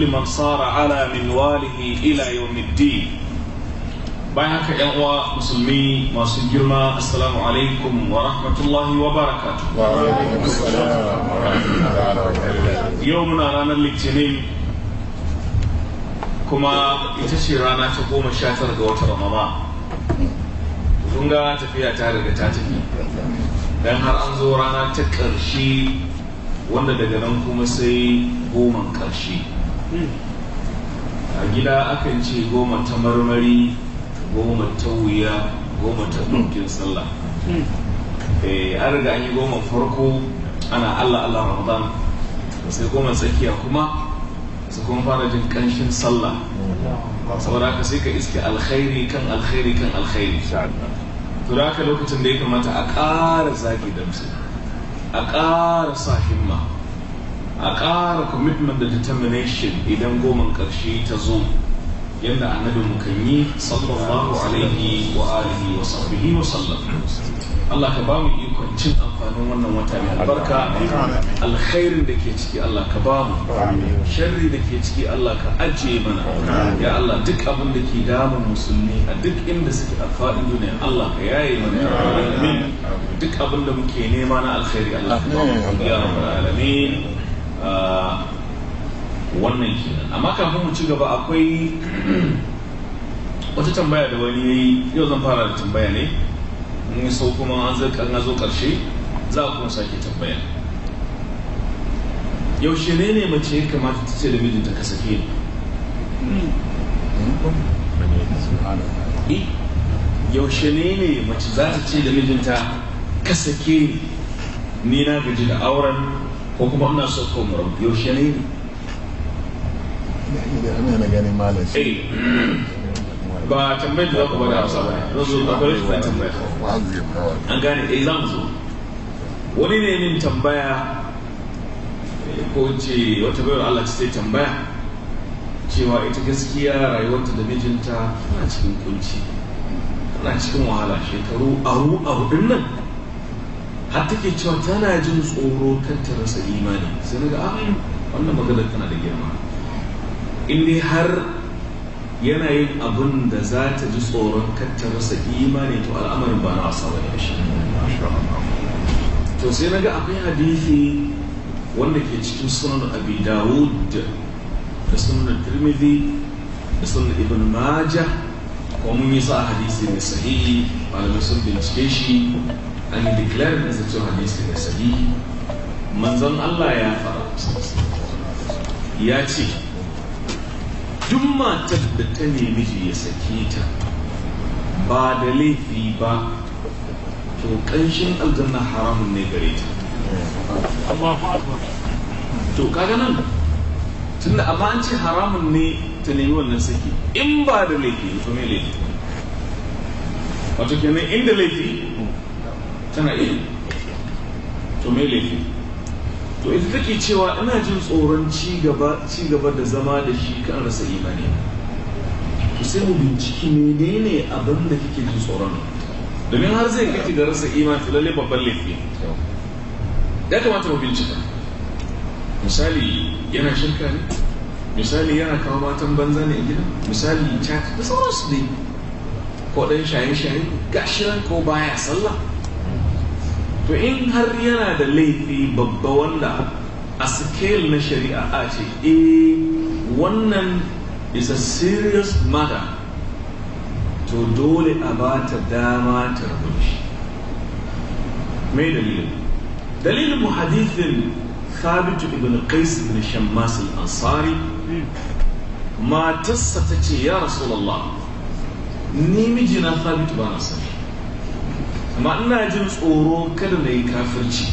man sara ala min walihi ila yawmiddin bayan haka yan uwa musulmi masu girma assalamu alaikum wa rahmatullahi wa barakatuh yau muna ranar litinin kuma ita ce rana ta goma sha tara ga wata ramama kun tafiya ta riga ta tafi dan har an zo rana ta ƙarshe wanda daga nan kuma sai goman ƙarshe a gida akan ce goma ta marmari goma ta wuya goma ta ɗunkin sallah eh, an riga an yi goma farko ana allah allah ramadan sai goma tsakiya kuma su kuma fara jin ƙanshin sallah saboda haka sai ka iske alkhairi kan alkhairi kan alkhairi to da haka lokacin da ya kamata a ƙara zagi damsu a ƙara sa himma a ƙara commitment da determination idan goman ƙarshe ta zo yadda annabi mu kan yi sallallahu alaihi wa alihi wa sahbihi wa sallam Allah ka ba mu ikon cin amfanin wannan wata mai albarka alkhairin da ke ciki Allah ka ba mu sharri da ke ciki Allah ka ajiye mana ya Allah duk abin da ke damun musulmi a duk inda suke a faɗin duniya Allah ka yaye mana amin duk abin da muke nema na alkhairi Allah ka ba mu ya rabbal alamin Ah, wannan kenan amma kafin mu ci gaba akwai wata tambaya da wani yi yau zan fara da tambaya ne in sau kuma an zai kan zo karshe za kuma sake tambaya yaushe ne ne mace ya kamata ta ce da mijinta ka sake ni eh, yaushe ne ne mace za ta ce da mijinta ka sake ni ni na gaji da auren ko kuma ina so ko mu rabu yaushe ne gani eh, ba tambayar da za ku bada hausa ba ne zo akwai rashin tambaya an gane eh za mu zo wani ne min tambaya eh, ko ce wata bayar Allah ce tambaya cewa ita gaskiya rayuwarta da mijinta tana cikin kunci tana cikin wahala shekaru aru aru din nan har take cewa tana jin tsoro kan ta rasa imani sai daga amin wannan maganar tana da girma in dai har yana yin abin da za ta ji tsoron kan ta rasa imani to al'amarin ba na wasa wani shi to sai naga akwai hadisi wanda ke cikin sunan abi dawud da sunan tirmidhi da sunan ibn majah ko mun yi sa hadisi mai sahihi malamai sun bincike shi an yi declare ɗinsa cewa hadisi da sahihi manzon Allah ya fara ya ce duk matar da ta nemi miji ya sake ta ba da laifi ba to kanshin aljanna haramun ne gare ta to kaga nan tunda amma an ce haramun ne ta nemi wannan saki in ba da laifi to me laifi wato kenan inda laifi tana iya to me laifi to ita take cewa ina jin tsoron ci gaba da zama da shi kan rasa imani to sai mu binciki menene abin da kike jin tsoron domin har zai kake da rasa imani to lalle babban laifi ya kamata mu bincika misali yana shirka ne misali yana kawo matan banza ne a gida misali ta da sauransu ne ko dan shaye-shaye gashi ko baya sallah to in har yana da laifi babba wanda a scale na shari'a a ce eh wannan is a serious matter to dole a ba ta dama ta shi mai dalilin dalilin mu hadithin thabitu ibn qais ibn shammas al-ansari matarsa ta ce ya rasulallah ni mijina thabitu ba amma ina jin tsoro kada na yi kafirci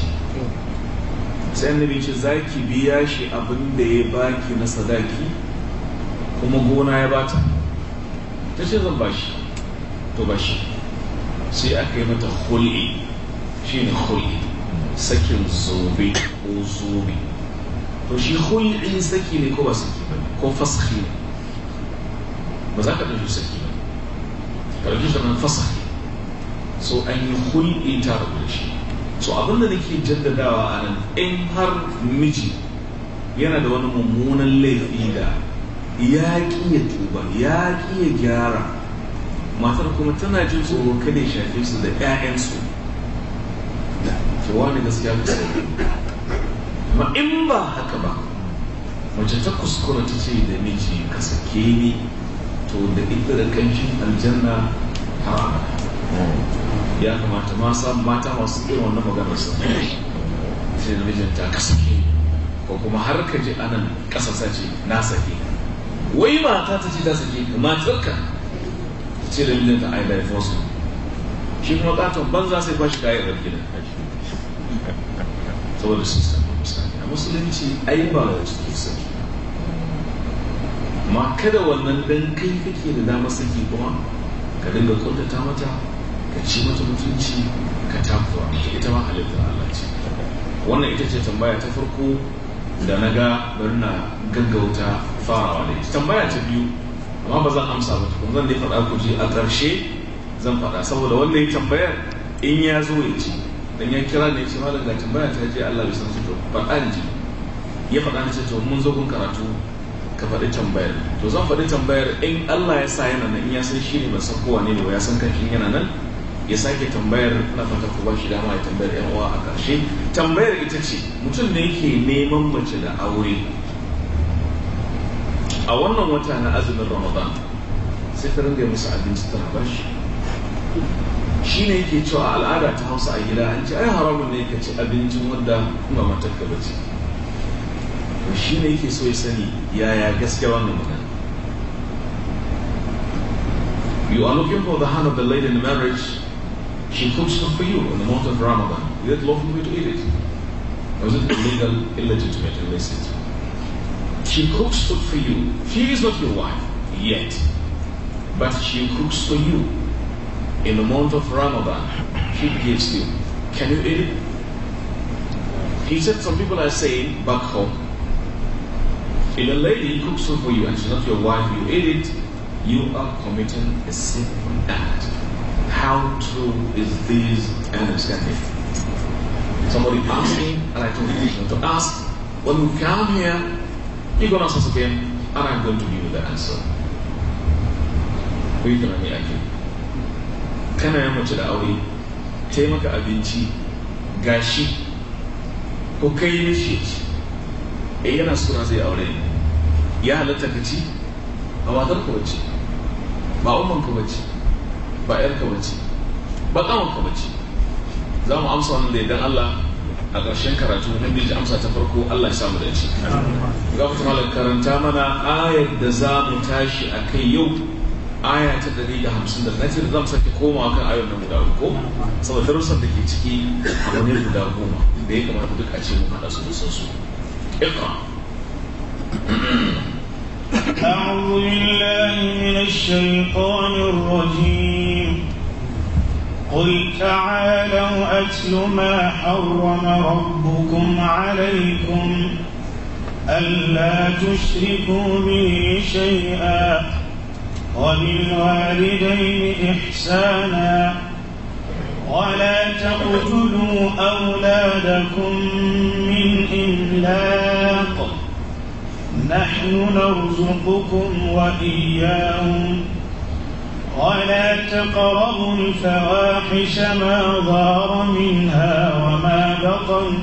sai annabi ce za ki biya shi abin da ya baki na sadaki kuma gona ya bata ta ce zan bashi to bashi sai aka yi mata shi ne hul'i sakin zobe ko zobe to shi hul'i saki ne ko ba saki ba ko fasahi ne ba za ka ɗauki saki ba ka ɗauki sanan fasahi so an yi hulɗi tare da shi so abinda ke jaddadawa a nan in har miji yana da wani mummunan laifi da ya ƙi ya tuba ya ƙi ya gyara matar kuma tana jin tsoro kada ya shafe su da 'ya'yansu da kewa ne gaskiya ku ma in ba haka ba mace ta kuskura ta ce da miji ka sake ni to da ita da kanshin aljanna abada. ya kamata ma samun mata masu irin wannan maganar su sai mijin ta kasa ke ko kuma har ka ji anan kasa ce na sake wai mata ta ce ta sake matarka ta ce da mijinta ai da fosu shi kuma katon za sai bashi shi kayan rarki da saboda sun samu misali a musulunci ai ba da suke saki ma kada wannan dan kai kake da dama saki kuma ka dinga kuntata mata ka ci mata mutunci ka takura ita ma halittar Allah ce wannan ita ce tambaya ta farko da na ga bari na gaggauta farawa da ita tambaya ta biyu amma ba zan amsa ba tukun zan dai faɗa ku ji a ƙarshe zan faɗa saboda wannan ya tambayar in ya zo ya ci dan ya kira ne ya ce malam ga tambaya ta je Allah bai san su to faɗa ni ji ya faɗa ni ce to mun zo kun karatu ka faɗi tambayar to zan faɗi tambayar in Allah ya sa yana nan in ya san shi ne ban san kowa ne ba ya san kan yana nan ya sake tambayar na fata ku ba shi dama ya tambayar yan uwa a ƙarshe tambayar ita ce mutum ne yake neman mace da aure a wannan wata na azumin ramadan sai ta rinda musu abinci tana ba shi shi ne yake cewa al'ada ta hausa a gida an ce ai haramun ne ka ci abincin wanda kuma matar ka bace to shi ne yake so ya sani yaya gaskiya wannan magana You are looking for the hand of the lady in marriage She cooks for you in the month of Ramadan. Is it lawful for you to eat it? Or is it illegal, illegitimate, illicit? She cooks food for you. She is not your wife yet, but she cooks for you in the month of Ramadan. She gives you. Can you eat it? He said some people are saying back home, if a lady cooks food for you and she's not your wife, you eat it, you are committing a sin from that. How true is this understanding? Somebody asked me, and I told him to ask, when we come here, you're going to ask us again, and I'm going to give you the answer. Ku Can tunani ake. Kana ya mace da aure, ta maka abinci, gashi, ko kai mishi e yana suna zai aure ya halatta ka ci ba matar ka bace ba umman ka bace ba ka bace ba ka bace za mu amsa wannan da idan Allah a ƙarshen karatu mun bi amsa ta farko Allah ya samu da shi ga mutum malam karanta mana ayar da za mu tashi a kai yau aya ta dari da hamsin da nace da sake koma kan ayar nan guda ko saboda darussan da ke ciki a wani guda goma da ya kamata duk a ce mu haɗa su da Iqra. أعوذ بالله من الشيطان الرجيم قل تعالوا أتل ما حرم ربكم عليكم ألا تشركوا به شيئا وبالوالدين إحسانا ولا تقتلوا أولادكم من إملاق نحن نرزقكم وإياهم ولا تقربوا الفواحش ما ظهر منها وما بطن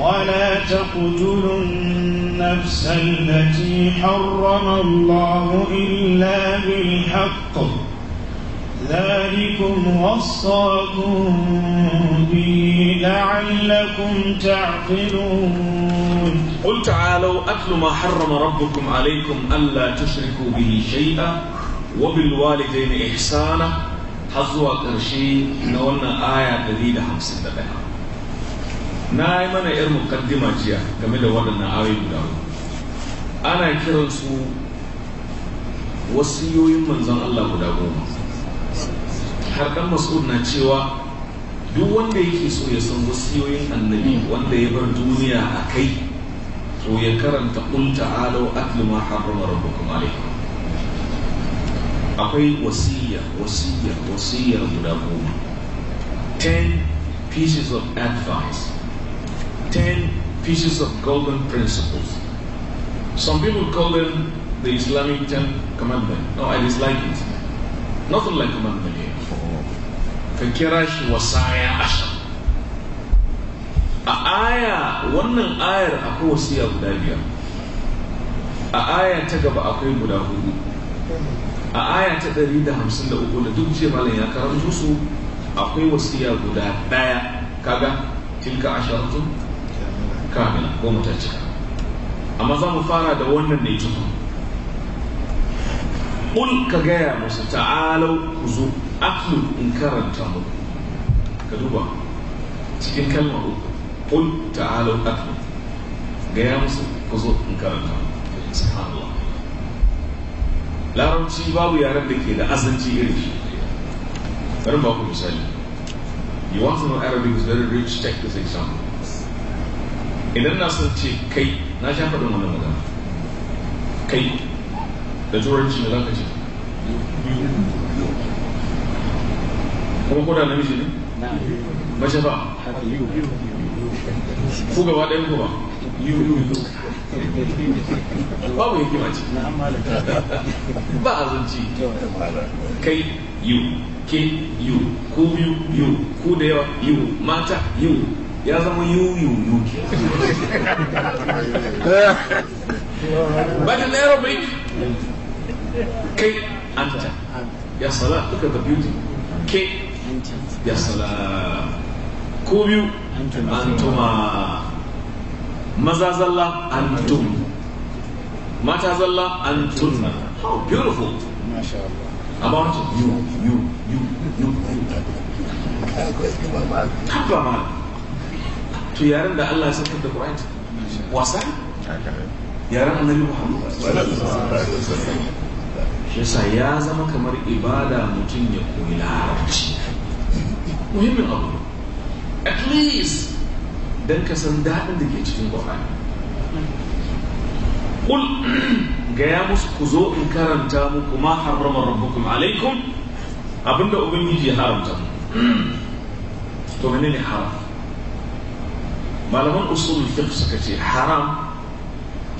ولا تقتلوا النفس التي حرم الله إلا بالحق ذلكم وصاكم به لعلكم تعقلون قل تعالوا أكل ما حرم ربكم عليكم ألا تشركوا به شيئا وبالوالدين إحسانا حظوا قرشي نولنا آية دليل حمسين لها نائما إر مقدمة جيا كما لولنا آية دليل أنا كرنسو وصيوين منزل الله دليل har dan mas'ud na cewa duk wanda yake so ya san wasiyoyin annabi wanda ya bar duniya a kai to ya karanta qul ta'alu atlu ma harrama rabbukum alaykum akwai wasiya wasiya wasiyar guda goma 10 pieces of advice 10 pieces of golden principles some people call them the islamic 10 commandment no i dislike it nothing like commandment here ka kira shi wasaya ashir. a aya wannan ayar akwai wasiya guda biyar a aya ta gaba akwai guda hudu a aya ta ɗari da hamsin da da uku duk jemalin ya karanto su akwai wasiya guda daya kaga tilka asharatu kamila ko mutacika amma za mu fara da wannan ne tukun gaya musu ta'alau ku zo? atlu in karanta muku ka duba cikin kalmar uku qul ta'alu atlu gaya musu ku zo in karanta subhanallah larabci babu yaren da ke da azanci irin shi bari ba ku misali you want to know arabic is very rich take this example idan na son ce kai na sha faɗin wannan magana kai da turanci da za ka ce kuma koda namiji ne mace ba ku gaba ɗayan ku ba babu hikima ce ba a zance kai yu ke yu ku biyu yu ku da yawa yu mata yu ya zama yu yu yu ke batin arabic kai anta ya sala look at the beauty ke ya ku biyu antuma maza zalla antum mata zalla how beautiful ma to yaren da Allah ya da wasa yaren annabi Muhammad shi sa ya zama kamar ibada mutum ya koyi larabci muhimmin abu at least don ka san daɗin da ke cikin ƙwararri ƙul gaya musu ku zo in karanta muku ma harramar rabbukum alaikum abinda ubangiji ya haramta to ne ne haram malaman usul fiqh suka ce haram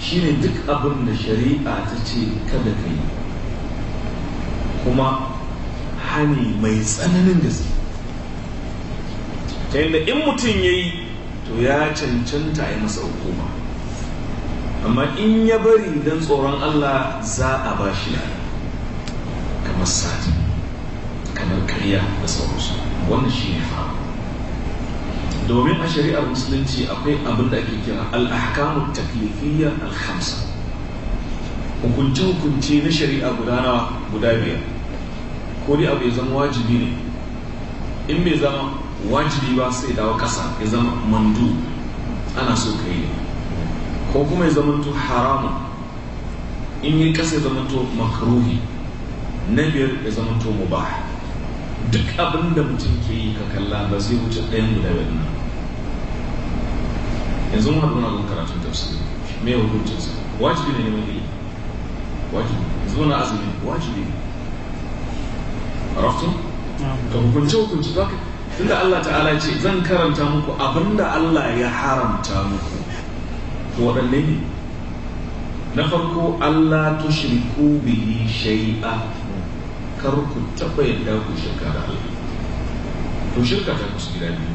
shine duk abin da shari'a ta ce kada ka yi kuma hani mai tsananin gaske ta yadda in mutum ya yi to ya cancanta ya masa hukuma amma in ya bari don tsoron Allah za a ba shi lada kamar sati kamar karya da sauransu wannan shi ne fa domin a shari'ar musulunci akwai abin da ake kira al'ahkamu ahkamu alhamsa hukunci-hukunci na shari'a guda nawa guda biyar ko dai abu ya zama wajibi ne in bai zama wajibi ba sai dawo kasa ya zama mandu ana so ka yi ko kuma ya zama to haramu in yi kasa ya zama to makaruhi na biyar ya zama to mubah duk abin da mutum ke yi ka kalla ba zai wuce ɗayan guda da nan yanzu mun haɗu na karatun tafsiri me su wajibi ne neman ilimi wajibi yanzu na azumi wajibi ne عرفتم؟ Ka hukunce hukunci za ka tunda Allah ta'ala ce zan karanta muku abinda Allah ya haramta muku to waɗanne ne na farko Allah shirku bihi shay'a kar ku taɓa yadda ku shirka da Allah to shirka ta kusa gida biyu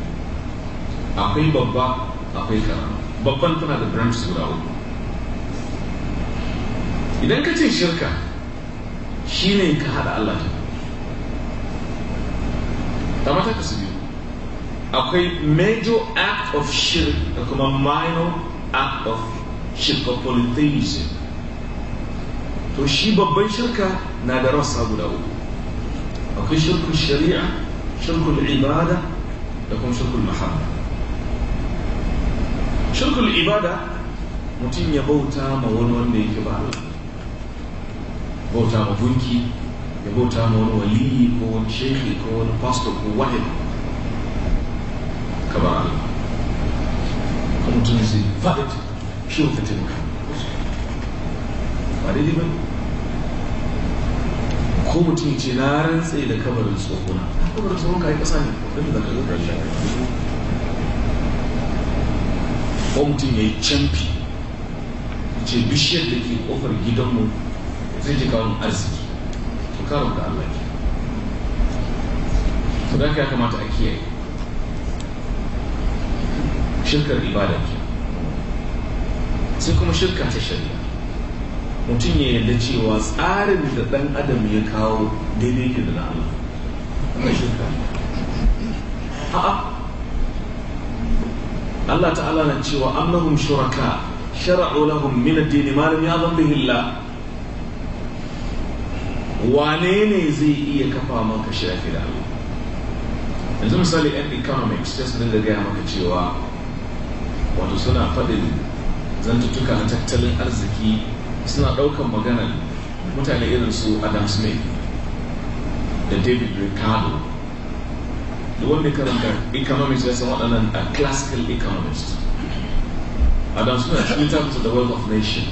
akwai babba akwai karama babban tana da grand guda uku idan ka ce shirka shine ka hada Allah ta mata ka su biyu akwai major act of shirk da kuma minor act of shirk of polytheism to shi babban shirka na da rasa guda uku akwai shirkul shari'a shirkul ibada da kuma shirkul mahamma shirkul ibada mutum ya bauta ma wani wanda yake ba bauta ma gunki ya bauta ma wani waliyi ko wani shekhi ko wani pastor ko wahid gaban Allah kuma mutum zai valid shi ka taimaka ba daidai ba ko mutum ce na rantse da kabarin tsohona kabarin tsohon ka yi ƙasa ne wadda za ka zo da shi ko mutum ya yi canfi ce bishiyar da ke kofar gidanmu zai ji kawon arziki to karo da Allah ke to da ya kamata a kiyaye shirkar ibada ke sai kuma shirka ta shari'a mutum ya yarda cewa tsarin da ɗan adam ya kawo daidai ke da na Allah wannan shirka a'a Allah ta'ala na cewa annahum shuraka shara'u lahum min ad-din ma lam ya'zam bihi Allah wane ne zai iya kafa maka shafi da Allah yanzu misali yan economics sai su da gaya maka cewa wato suna faɗin zantattuka na tattalin arziki suna ɗaukan maganar mutane irin su adam smith da david ricardo da wanda karanta economics ya san waɗannan a classical economist adam smith cikin tabbata da World of nation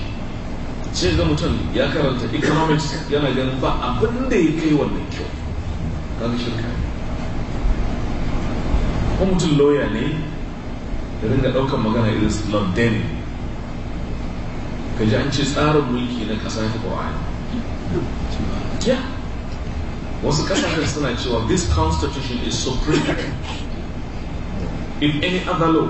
ce ga mutum ya karanta economics yana ganin ba abin da ya kai wannan kyau kan shirka Kuma mutum lauya ne da ringa daukan magana irin su lord ka ji an ce tsarin mulki na kasa ta Ya. wasu kasashen suna cewa this constitution is supreme if any other law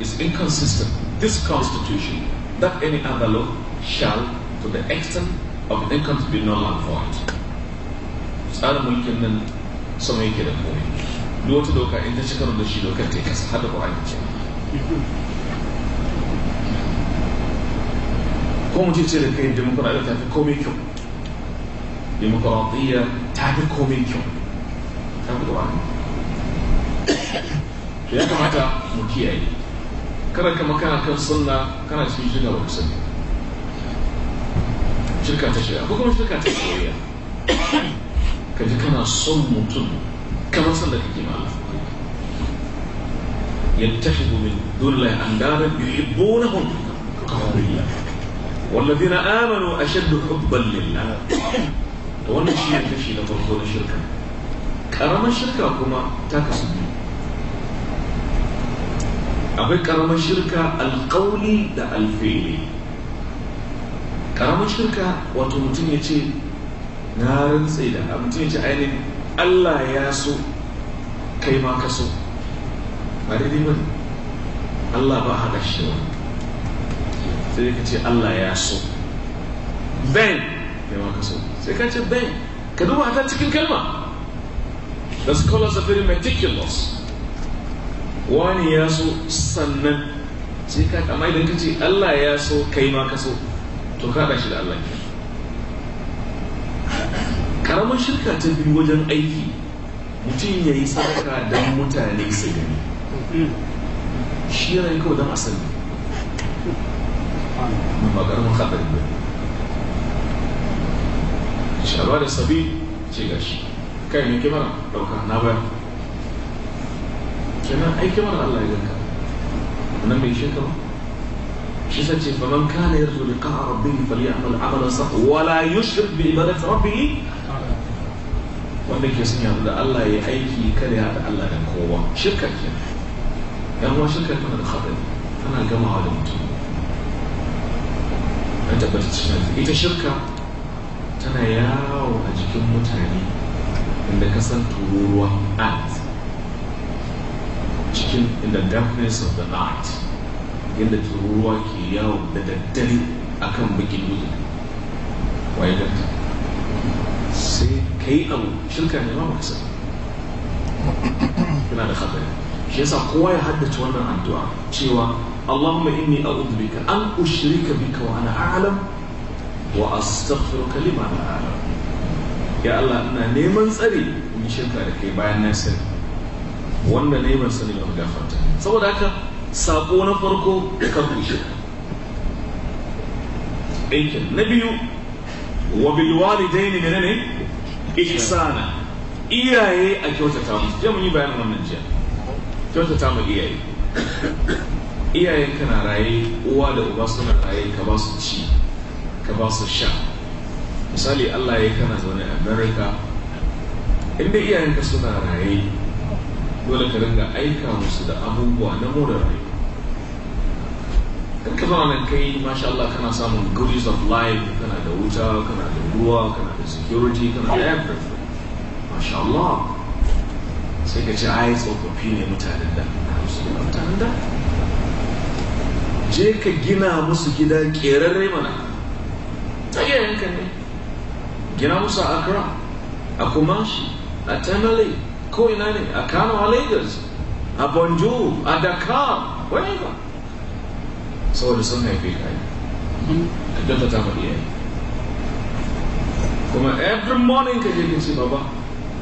is inconsistent this constitution that any other law shall to the extent of income be null and void tsarin mulkin nan sama yake da komai duk wata doka in ta ci da shi dokar ta kasa hada ba a yi ko mutum ce da kai demokuraɗiyya ta fi komai kyau demokuraɗiyya ta fi komai kyau ta fi gaba to ya kamata mu kiyaye kada kama kana kan sunna kana cikin shirka ba kusa shirka ta shirya ko kuma shirka ta soyayya ka ji kana son mutum kamar sanda kake ma Allah يتخذ من دون الله اندادا يحبونهم كحب الله والذين امنوا اشد حبا لله وانا شيء تشي لفرطون الشركة كرم الشركة كما تاكسن أبي كرم الشركة القولي دا الفيلي كرم الشركة وتمتنية نارن سيدة أمتنية عيني ألا ياسو كيما كسو ba daidai ba ne Allah ba haka shi ba sai ka ce Allah ya so ben kai ma ka so sai ka ce ben ka duba ta cikin kalma the scholars are very meticulous wani ya so sannan sai ka kama idan ka ce Allah ya so kai ma ka so to ka shi da Allah ke karamar shirka ta biyu wajen aiki mutum ya yi sadaka don mutane su gani shi yana yi kawai don asali mai magarmin haɗari ba sharwa da sabi ce ga shi kai ne kimar ɗauka na bayan kenan ai kimar Allah ya ganka nan bai shi ba shi sa ce faman kana rabbi liqa rabbih amal amal sa wala yushrik bi ibadati rabbih wanda ke son yadda da Allah ya aiki kada ya haɗa Allah da kowa shirka kenan yan uwa shirka tana da haɗari tana gamawa da mutum ya tabbata cikin ita shirka tana yawo a jikin mutane inda ka san tururuwa at cikin in the darkness of the night yadda tururuwa ke yawo da daddare akan bakin dutse waye ganta sai kai abu shirka ne ma ba ka sani yana da haɗari shi yasa kowa ya haddace wannan addu'a cewa Allahumma inni a'udhu bika an ushrika bika wa ana a'lam wa astaghfiruka lima la a'lam ya Allah ina neman tsari in shirka da kai bayan na sani wanda ne ban sani ga gafarta saboda haka sako na farko kan kushe aikin na biyu wa bil walidaini menene ihsana iyaye a kyautata musu je mun yi bayanin wannan jiya kyautata ma iyaye iyayenka na raye uwa da uba suna raye ka ba su ci ka ba su sha misali allah ya kana zaune a america inda iyayenka suna raye dole ka ringa aika musu da abubuwa na more rayuwa in ka zama nan kai masha Allah kana samun goodies of life kana da wuta kana da ruwa kana da security kana da everything masha Allah sai ka ce yi tsofaffi ne mutanen da mutanen da je ka gina musu gida ƙerarre mana ta yanka ne gina musu a accra a kumashi a tamale ko ina ne a kano a lagos a bonjo a dakar whatever saboda sun haife ka yi a dafa ta faɗi yi. kuma every morning ka je ka ce baba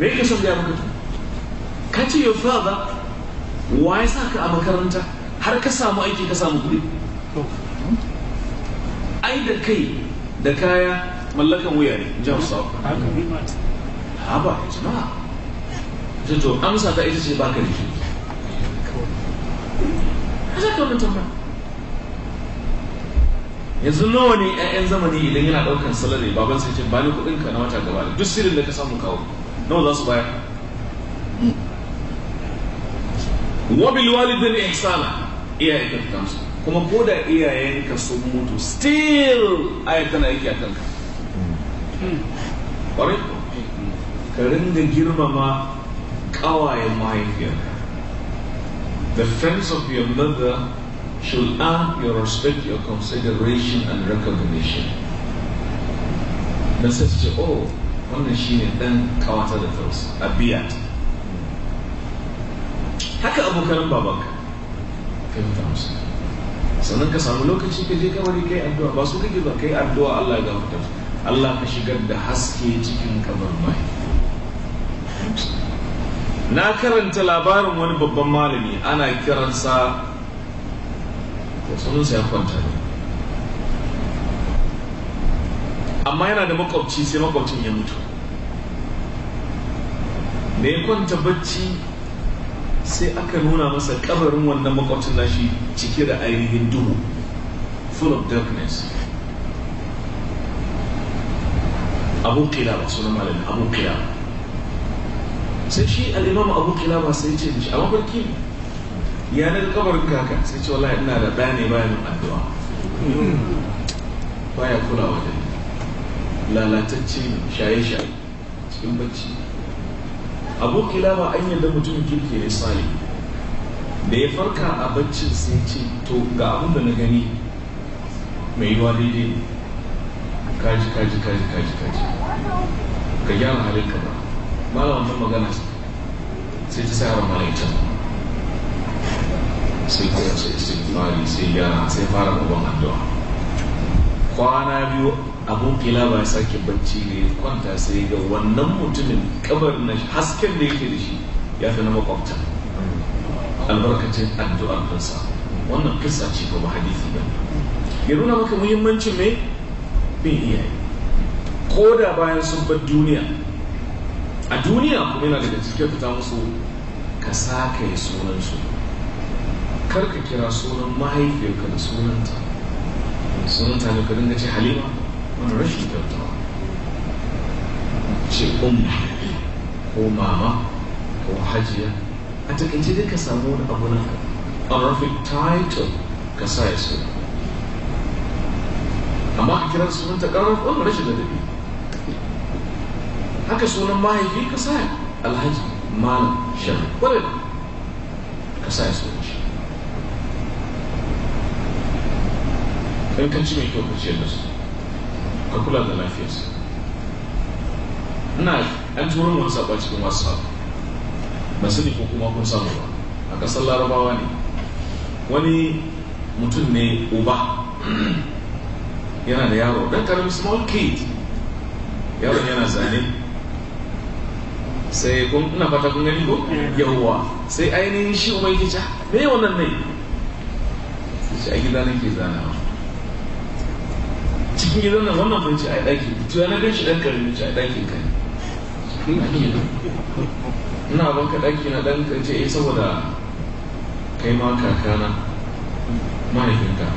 me yake son gaya maka ka ce your father wa ya sa ka a makaranta har ka samu aiki ka samu kuɗi ai da kai da kaya mallakan wuya ne jam sau haba jama'a ta to amsa ta ita ce baka da shi za ka wani tamba yanzu nawa ne 'ya'yan zamani idan yana ɗaukar salari baban sai ce ni kuɗinka na wata gaba duk sirrin da ka samu kawo No, that's why. Wabil walidin ihsana. Iyaye kan kansu. Kuma ko da iyayenka sun mutu still ayar tana yake a kanka. Ƙwarai hmm. ko? Ka ringa girmama ƙawayen mahaifiyarka. The friends of your mother should earn your respect, your consideration and recognition. Na sai ce, oh, wannan shine dan kawata da tausi ta. haka abokan babanka kai mata musu sannan ka samu lokaci ka je kamar kai addu'a ba su kake ba kai addu'a Allah ya gafarta Allah ka shigar da haske cikin kamar mai na karanta labarin wani babban malami ana kiransa da sunansa ya kwanta ne amma yana da makwabci sai makwabcin ya mutu da ya kwanta bacci sai aka nuna masa kabarin wannan makwabcin nashi cike da ainihin duhu full of darkness abu kilaba sunan malami abu kilaba sai shi al'imam abu kilaba sai ce mishi a mafarki yanar kabarin kaka sai ce wala ina da ɗa ne bayan addu'a baya kulawa da lalatacce shaye-shaye cikin bacci abu kilawa an yadda mutum kirki ne sali da ya farka a baccin sai ce to ga abun da na gani mai yiwa daidai kaji kaji kaji kaji kaji ka gyara halin ka ba malam wannan magana sai ta sa malaita sai kuma sai sai gyara sai fara babban addu'a kwana biyu abu kilaba ya sake bacci ne ya kwanta sai ga wannan mutumin kabar na hasken da yake da shi ya fi na makwabta albarkacin addu'ar kansa wannan kisa ce ba hadisi ba ya nuna maka muhimmancin ne bin iyaye ko da bayan sun bar duniya a duniya kuma yana daga cikin fita musu ka saka ya sunan su kar ka kira sunan mahaifiyarka da sunanta sunanta ne ka dinga ce halima unrestricted ce umma ko mama ko hajiya a takaice dai ka samu wani abu na honorific title ka sa ya so amma ka kira sunan ta karar ɗan rashin ladabi haka sunan mahaifi ka sa alhaji malam shafi ƙwarar ka sa ya so shi in ka ci mai kyau ka ce da su ka kula da lafiyarsa ina an turo mun saba cikin whatsapp ba sani ko kuma kun samu ba a kasar larabawa ne wani mutum ne uba yana da yaro don karamin small kid yaron yana zane sai kun ina fata kun gani ko yawwa sai ainihin shi umar gija ah, me wannan ne shi a gida nake zanawa cikin gidan nan wannan bai ci a daki to ya na gan shi ɗan ƙarami ce a ɗakin ka ina baka daki na dan ka ce saboda kai ma kaka na mahaifinka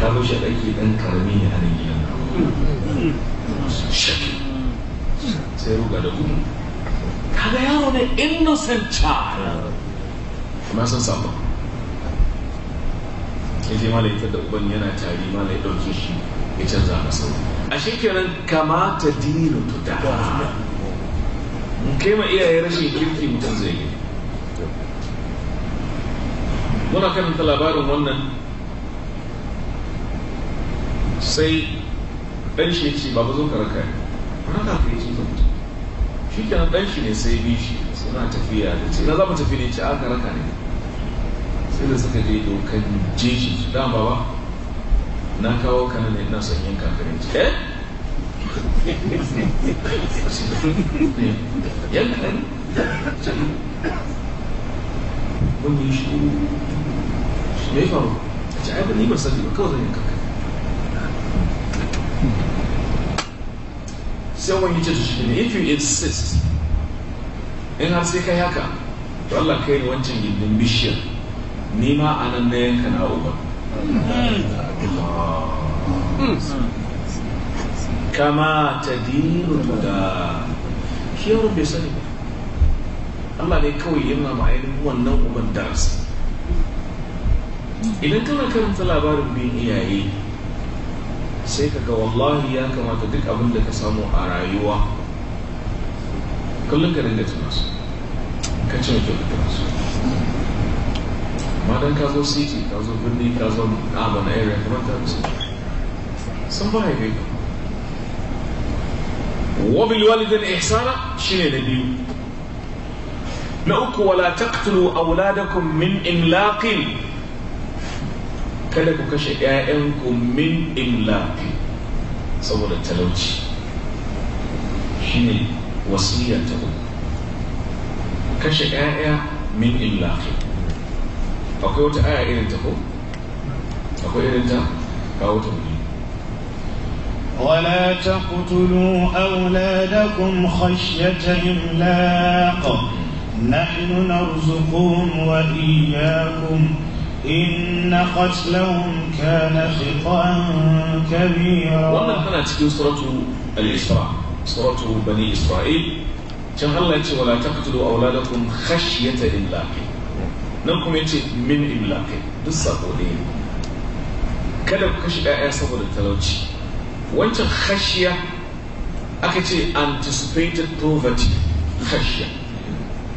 ka zo shi daki dan ƙarami ne a nan gidan nan. sai ruga da gudu kaga yaro ne innocent child kuma san sabon ya je malaitar da uban yana tari malai ɗauke shi ya canza masa a shekaran kamata dinu tuta kai ma iyaye rashin kirki mutum zai yi muna karanta labarin wannan sai ɗan shi ce ba zo ka raka wani ka kai ce zan shi kenan ɗan shi ne sai bi shi suna tafiya da ce na za mu tafi ne ce aka raka ne sai da suka je dokan jeji dama ba na kawo ka ne ina son yin kafirin ki eh yanka ne kun yi shi ne ya faru a ci aibin ni ba sani ba kawai zan yanka ka sai wani ce shi ne if you insist in har sai kai haka to Allah kai ne wancan gindin bishiyar ni ma anan na yanka na'ubar uba kama ta dinu da kiyar bai sani ba Allah ne kawai yana ainihu wannan umar darasi idan kana karanta labarin bin iyaye sai ka ga wallahi ya kamata duk abin da ka samu a rayuwa kullum ka dinga tunasu ka tunasu amma don ka zo city ka zo birni ka zo na abu na area kamar ta fi sun ba haife ka wabil walidin ihsana ne na biyu na uku wala taqtulu auladakum min imlaqin kada ku kashe 'ya'yanku min imlaqin saboda talauci shi ne wasiya ta uku kashe 'ya'ya min imlaqin akwai wata aya irin ta ko akwai irin ta kawo ta ولا تقتلوا أولادكم خشية إملاق نحن نرزقهم وإياكم إن قتلهم كان خطأ كبيرا وانا كان في سورة الإسراء سورة بني إسرائيل تغلت ولا تقتلوا أولادكم خشية إملاق nan kuma ya ce min imlakai duk sako ne kada ku kashe ɗaya saboda talauci wancan khashiya aka ce anticipated poverty khashiya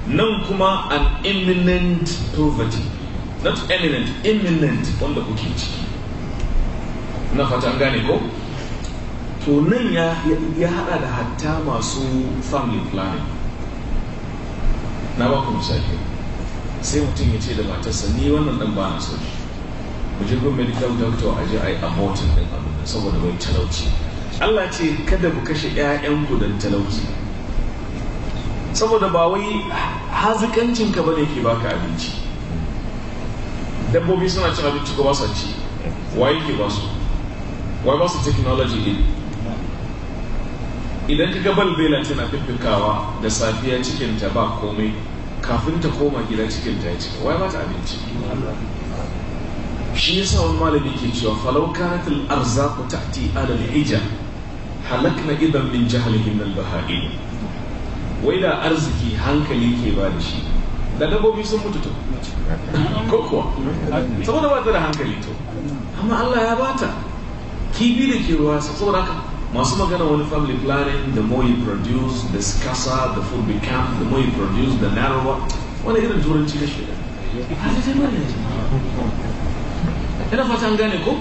nan kuma an imminent poverty not imminent imminent wanda kuke ciki na fata an gane ko to nan ya hada da hatta masu family planning na ba ku misali sai mutum ya ce da matarsa ni wannan dan ba na so shi mu je medical doctor a je a yi abortin din abu saboda mai talauci Allah ce kada ku kashe ƴaƴanku dan talauci saboda ba wai hazikancin ka bane ke baka abinci dabbobi suna cin abinci ko ba sa ci waye ke ba su waye ba su technology din idan ka ga Bela tana fiffikawa da safiya cikin ta ba komai kafin ta koma gida cikin ta ya cika wai mata abinci shi yasa wani malami ke cewa falau kanat al arzaqu ta'ti ala al hija halakna idan min jahlihim al baha'in wai da arziki hankali ke ba da shi da dabbobi sun mutu to ko kuwa saboda ba ta da hankali to amma Allah ya bata kibi da ke ruwa saboda haka masu magana wani family planning the more you produce the scarcer the food become the more you produce the narrower wani irin turanci da shi ina fatan gane ko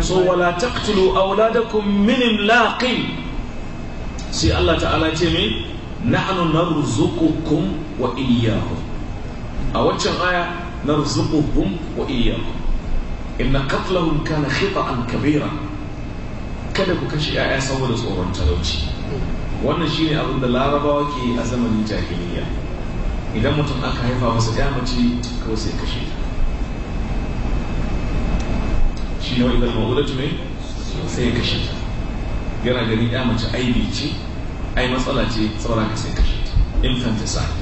so wala taqtulu auladakum min laqi. sai Allah ta'ala ce me nahnu narzuqukum wa iyyahum a waccan aya narzuquhum wa iyyahum inna qatlahum kana khita'an kabira kada ku kashe 'ya'ya saboda tsoron talauci wannan shi ne abin da larabawa ke a zamanin jahiliya idan mutum aka haifa masa ya mace kawai sai kashe ta shi ne idan ma'ula tume sai kashe ta yana gani ya mace aibi ce ai matsala ce saboda ka sai kashe ta infanticide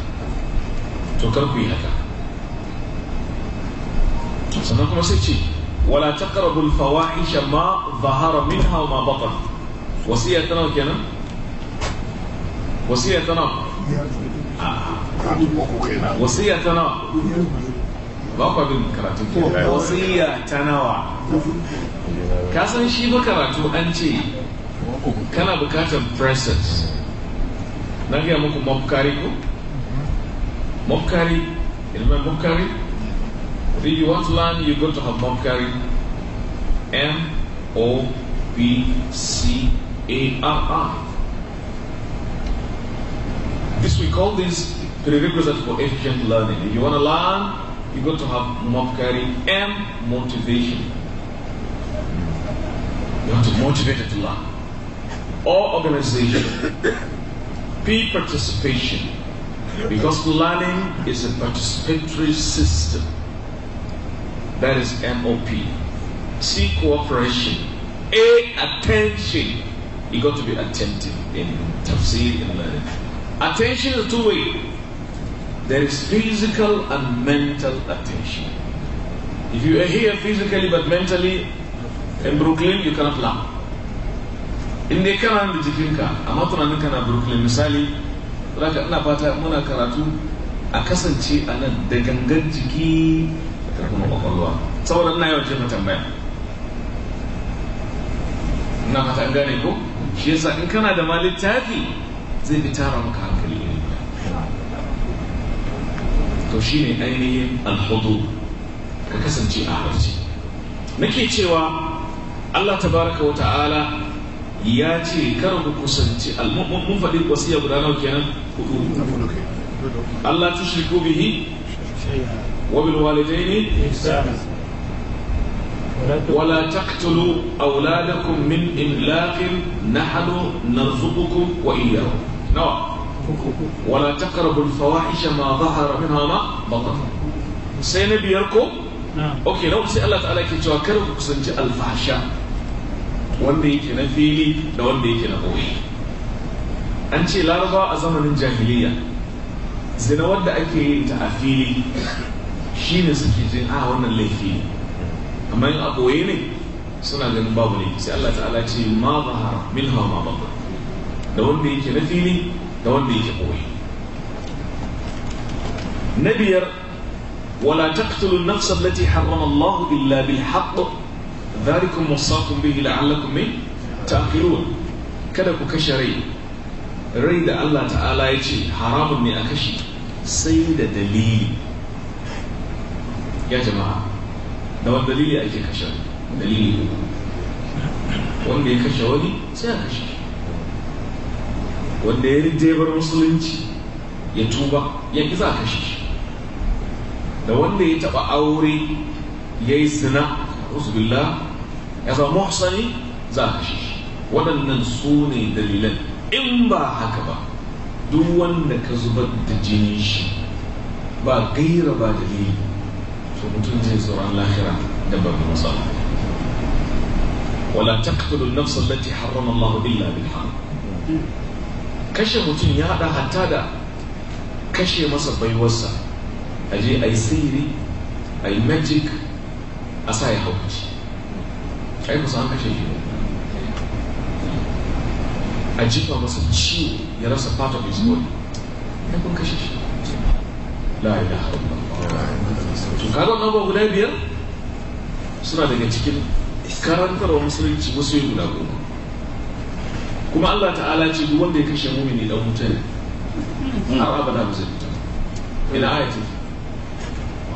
to kar ku yi haka sannan kuma sai ce ولا تقربوا الفواحش ما ظهر منها وما بطن وصية تنام كنا وصية تنام وصية تنام باقوا بين كراتو وصية تنوع كاسن شي بكراتو أنتي كنا بكاتب برسس نجي أمكم مبكاري مبكاري المهم مبكاري If you want to learn, you go to Hammamkari. M O B C A R I. This we call this prerequisite for efficient learning. If you want to learn, you go to have Hammamkari. M motivation. You have to motivate it to learn. Or organization. P participation. Because learning is a participatory system. That is MOP. C, cooperation. A, attention. You got to be attentive in tafsir, in learning. Attention is two way. There is physical and mental attention. If you are here physically but mentally in Brooklyn, you cannot laugh. In the dai kana da jikinka, amma tunanin kana Brooklyn misali, ina fata muna karatu a kasance a not da to jiki ta kuma kwakwalwa saboda ina yawan jefa tambaya ina fata gane ko shi yasa in kana da ma littafi zai bi tara maka hankali ne to shine ainihin alhudu ka kasance a halarci nake cewa Allah baraka wa ta'ala ya ce kar ku kusanci mun faɗi wasu ya nawa kenan hudu Allah tushriku bihi وبالوالدين إحسانا ولا تقتلوا أولادكم من إملاق نحن نرزقكم وإياهم نعم ولا تقربوا الفواحش ما ظهر منها ما بطن سيني بيركو نعم أوكي لو سي الله تعالى كتوكرك كسنج الفحشاء واندي كنا فيلي واندي كنا قوي أنت لا رضا أزمن الجاهلية زنا ود أكي تأفيلي shi ne suke jin a ah, wannan laifi ne amma a ne suna ganin babu ne sai Allah ta'ala ce ma zahara min hawa ma babu da wanda yake na fili da wanda yake ɓoye na biyar wala taqtulu nafsa allati harrama Allah illa bil haqq dhalikum wasaqu bihi la'allakum ta'qilun kada ku kashe rai rai da Allah ta'ala ya ce haramun ne a kashe sai da dalili ya jama'a da wani dalili ake kashe dalili ne wanda ya kashe wani sai a kashe wanda ya bar musulunci ya tuba ya ƙi za a kashe shi da wanda ya taɓa aure ya yi sina usubillah ya zama muhsani za a kashe shi waɗannan su ne dalilan in ba haka ba duk wanda ka zubar da jinin shi ba gaira ba dalili ولا تقتلوا النفس التي حرم الله الا بالحق كشي متين يا دا حتى دا كشي مسا بايوسا اجي اي سيري اي ماجيك اساي حوكي اي مسا ان كشي جيو اجي با مسا تشيو يا راسا بارت اوف هيز بودي اي لا اله الا الله to kaga abubuwa guda biyar suna daga cikin karantarwa musulunci wasu yi guda goma kuma Allah ta'ala ce duk wanda ya kashe mumini dan wuta ne har abada ba zai fita ila ayati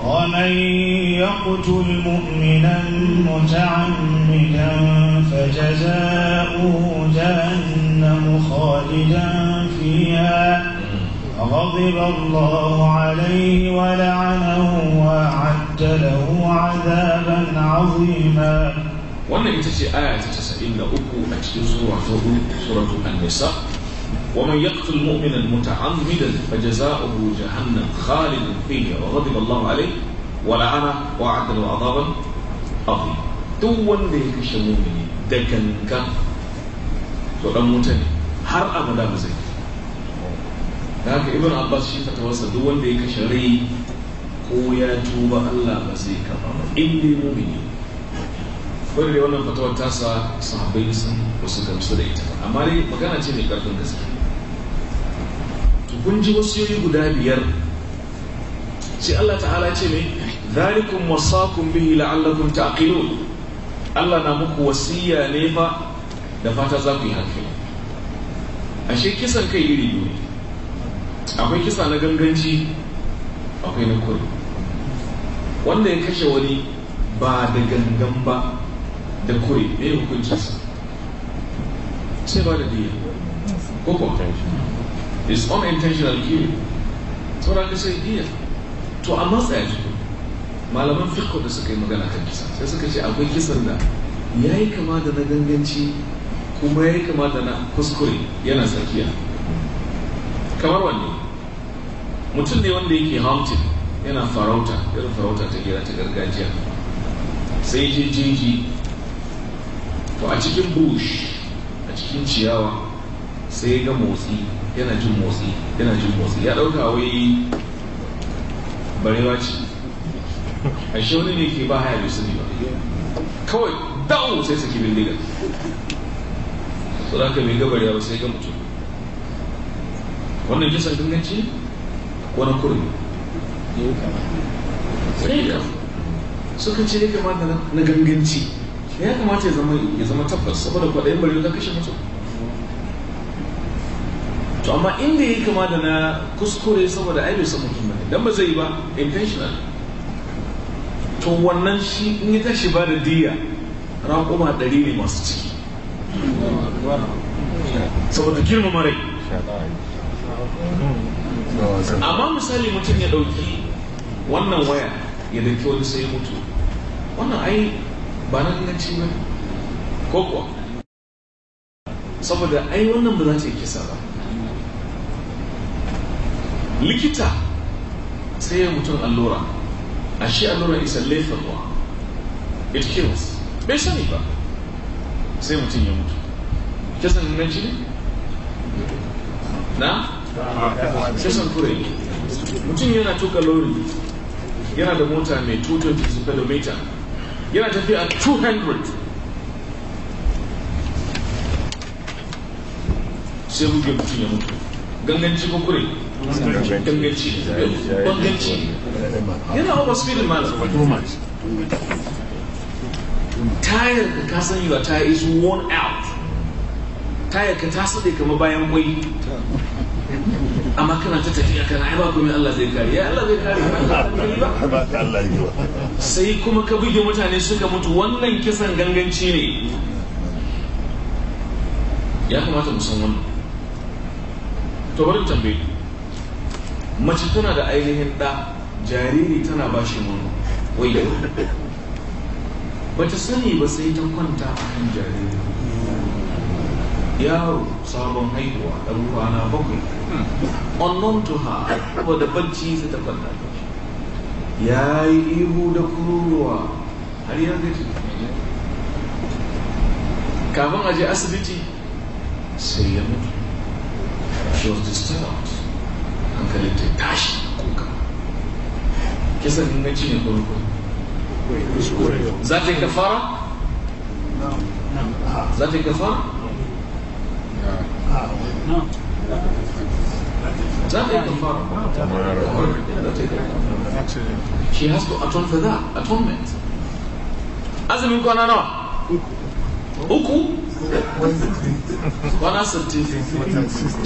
ومن يقتل مؤمنا متعمدا فجزاؤه جهنم خالدا فيها غضب الله عليه ولعنه وأعد له عذابا عظيما wannan ita ce aya ta casa'in da uku a cikin sura ta hudu suratu an-nisa wa man yaqtul mu'mina muta'ammidan fajaza'uhu jahannam khalidan fiha wa ghadiba Allah alayhi wa la'ana wa 'adda lahu 'adaban 'azima duk wanda ya kashe mu'mini da kanka to dan mutane har abada ba zai da haka ibn abbas shi fatawarsa duk wanda ya kashe rai ko ya tuba allah ba zai kafa ba in dai mumini wanda da wannan fatawar tasa sahabbai sun wasu gamsu da ita amma dai magana ce mai karfin gaske to kun ji wasu yoyi guda biyar sai allah ta'ala ce mai zalikum wasakum bihi la'allakum ta'qilun allah na muku wasiya ne fa da fata za ku yi hankali ashe kisan kai iri biyu akwai kisa na ganganci akwai na kuri wanda ya kashe wani ba da gangan ba da kuri ne hukuncinsa sai ba da diya ko kuma is unintentional killing saboda ka sai diya to a matsaya shi malaman fiko da suka yi magana kan kisa sai suka ce akwai kisan da ya yi kama da na ganganci kuma ya yi kama da na kuskure yana tsakiya kamar wanne mutum ne wanda yake haunted yana farauta yana farauta ta gida ta gargajiya sai je jeji to a cikin bush a cikin ciyawa sai ya ga motsi yana jin motsi yana jin motsi ya ɗauka wai barewa ce a shi wani ne ke ba haya bai sani ba kawai dawo sai saki bindiga so da aka mai gabar yawa sai ga mutum wannan jisar ganganci wani kurmi ya yi ya suka ce ya kamata na ganganci ya kamata ya zama tabbas saboda kwaɗayin bari ta kashe mutum to amma inda ya kamata na kuskure saboda ai bai san mutum bane dan ba zai ba intentional to wannan shi in ya tashi ba da diya raƙuma ɗari ne masu ciki saboda girmama rai amma misali mutum ya ɗauki wannan waya ya dauki wani sai ya mutu wannan ai ba na ci ba ko kuwa saboda ai wannan ba za ta yi kisa ba likita sai ya mutum allura a shi allura isa laifin wa it kills bai sani ba sai mutum ya mutu kisan ganganci ne na sai kure mutum yana tuka lori yana da mota mai 220 kilometer yana tafiya 200 sai buge mutum ya mutu ganganci ko kure ganganci ganganci yana speed over overspeed miles. tayar da ka sani ba tayar is worn out tayar ka ta sade kama bayan wai amma kana ta tafiya kana ai ba komai Allah zai kare ya Allah zai kare ba ka Allah yi ba sai kuma ka buge mutane suka mutu wannan kisan ganganci ne ya kamata mu san wannan to bari tambaye mace tana da ainihin da jariri tana ba shi nono wai bata sani ba sai ta kwanta a kan jariri yaro sabon haihuwa ɗan kwana bakwai hmm. unknown to her kuma da bacci su ta kwanta ya yi ihu da kururuwa har ya gaji kafin aje asibiti sai ya mutu she was disturbed hankalin ta tashi kuka kisan na cinye farko za ta yi kafara za ta yi kafara No. She has to atone for that. Atonement. Azumi mko na nao? Huku Bwana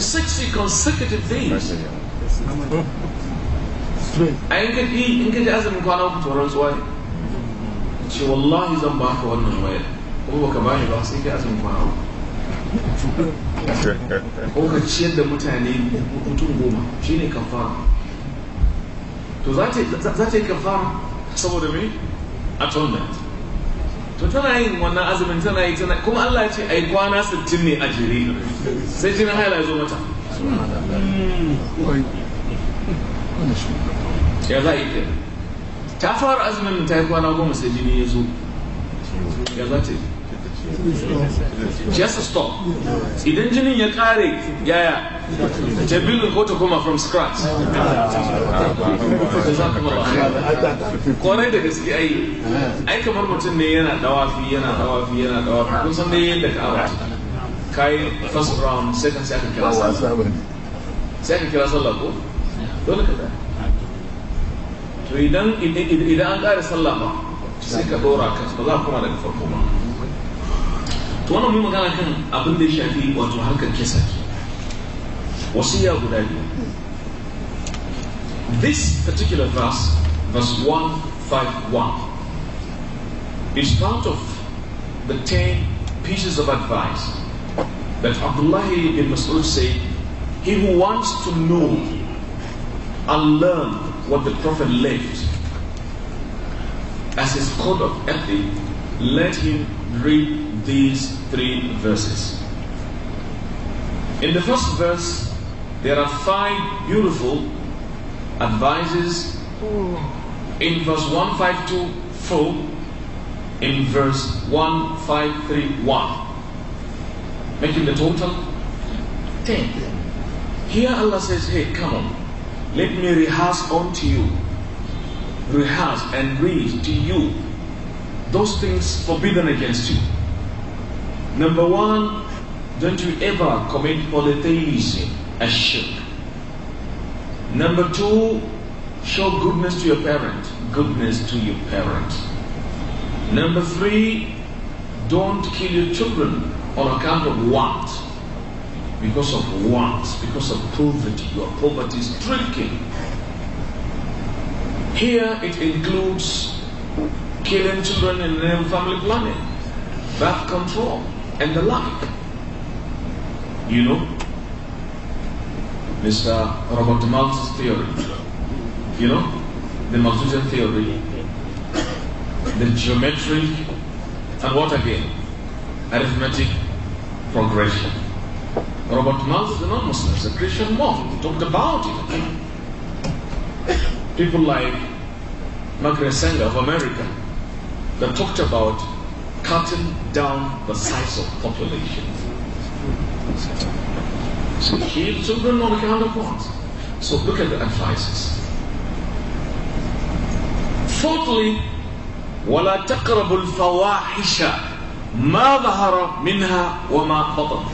sixty consecutive days. I A in kaje azumin kwana uku to rantsuwa ne. Ce wallahi zan baka wannan wayar. Ko baka bani ba sai kai azumin kwana uku. ko ka ciyar da mutane mutum goma shi ne kafara to za ta yi kafara saboda mai atonement to tana yin wannan azumin tana yi tana kuma Allah ce ai kwana 60 ne a jere sai jinin haila ya zo mata ya za a yi ta fara azumin ta yi kwana goma sai jini ya zo ya za ta yi just stop ya kare yaya ta bil from scratch da gaske ai ai kamar mutum ne yana dawafi yana dawafi yana dawafi kun san dai yadda ka awa kai first round second sai aka kira sallah sai aka kira sallah ko dole ka to idan an kare sallah ba sai ka dora ka ba za ka koma daga farko ba wannan mai magana kan abin da ya shafi wato harkar kisa wasiya guda biyu this particular verse verse 151 is part of the 10 pieces of advice that Abdullah ibn Mas'ud said he who wants to know and learn what the Prophet left as his code of ethic, let him read these three verses. In the first verse, there are five beautiful advices. In verse 152, full. In verse 1531, making the total 10. Here Allah says, Hey, come on, let me rehearse unto you, rehearse and read to you those things forbidden against you. Number one, don't you ever commit polytheism as shirk. Number two, show goodness to your parent. Goodness to your parent. Number three, don't kill your children on account of what? Because of want, because of poverty. Your poverty is drinking. Here it includes killing children in the name of family planning, birth control, and the like. You know, Mr. Robert Malthus theory, you know, the Malthusian theory, the geometric, and what again? Arithmetic progression. Robert Malthus, the non-Muslim, he's a Christian monk. He talked about it. People like Margaret Sanger of America, that talked about cutting down the size of population. So kill children on account of what? So look at the advices. Fourthly, ولا تقربوا الفواحش ما ظهر منها وما بطن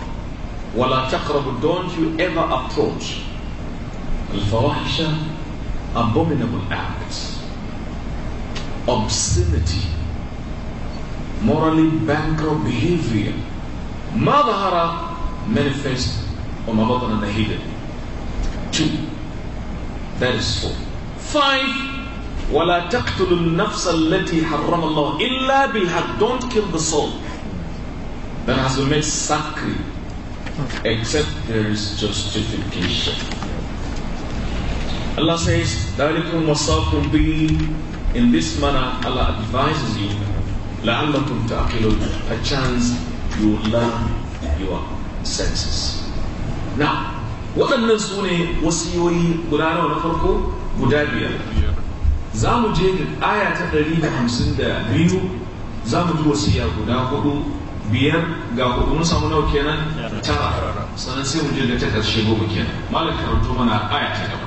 ولا تقربوا don't you ever approach الفواحش abominable acts obscenity morally bankrupt behavior ما ظهر manifest وما بطن hidden. two that is four five ولا تقتل النفس التي حرم الله إلا بالحق don't kill the soul that has been made sacred except there is justification Allah says ذلكم وصاكم به in this manner Allah advises you لعلكم a chance you learn your senses now waɗannan su ne wasiyoyi guda nawa na farko guda biyar za mu je da aya ta ɗari da hamsin da biyu za mu ji wasiya guda hudu biyar ga hudu mun samu nawa kenan tara sannan sai mu je da ta ƙarshe goma kenan malam karanto mana aya ta gaba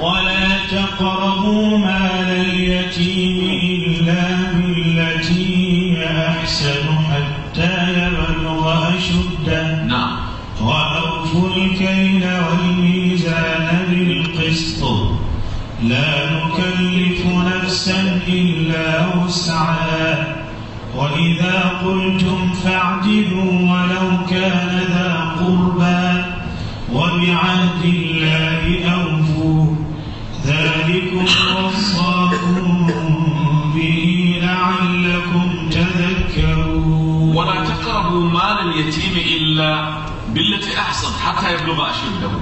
ولا تقربوا مال اليتيم إلا بالتي هي أحسن حتى يبلغ أشده نعم وأوفوا الكيل والميزان بالقسط لا نكلف نفسا إلا وسعها وإذا قلتم فاعدلوا ولو كان ذا قربى وبعهد illa billati ahsan hatta yablugha ashuddahu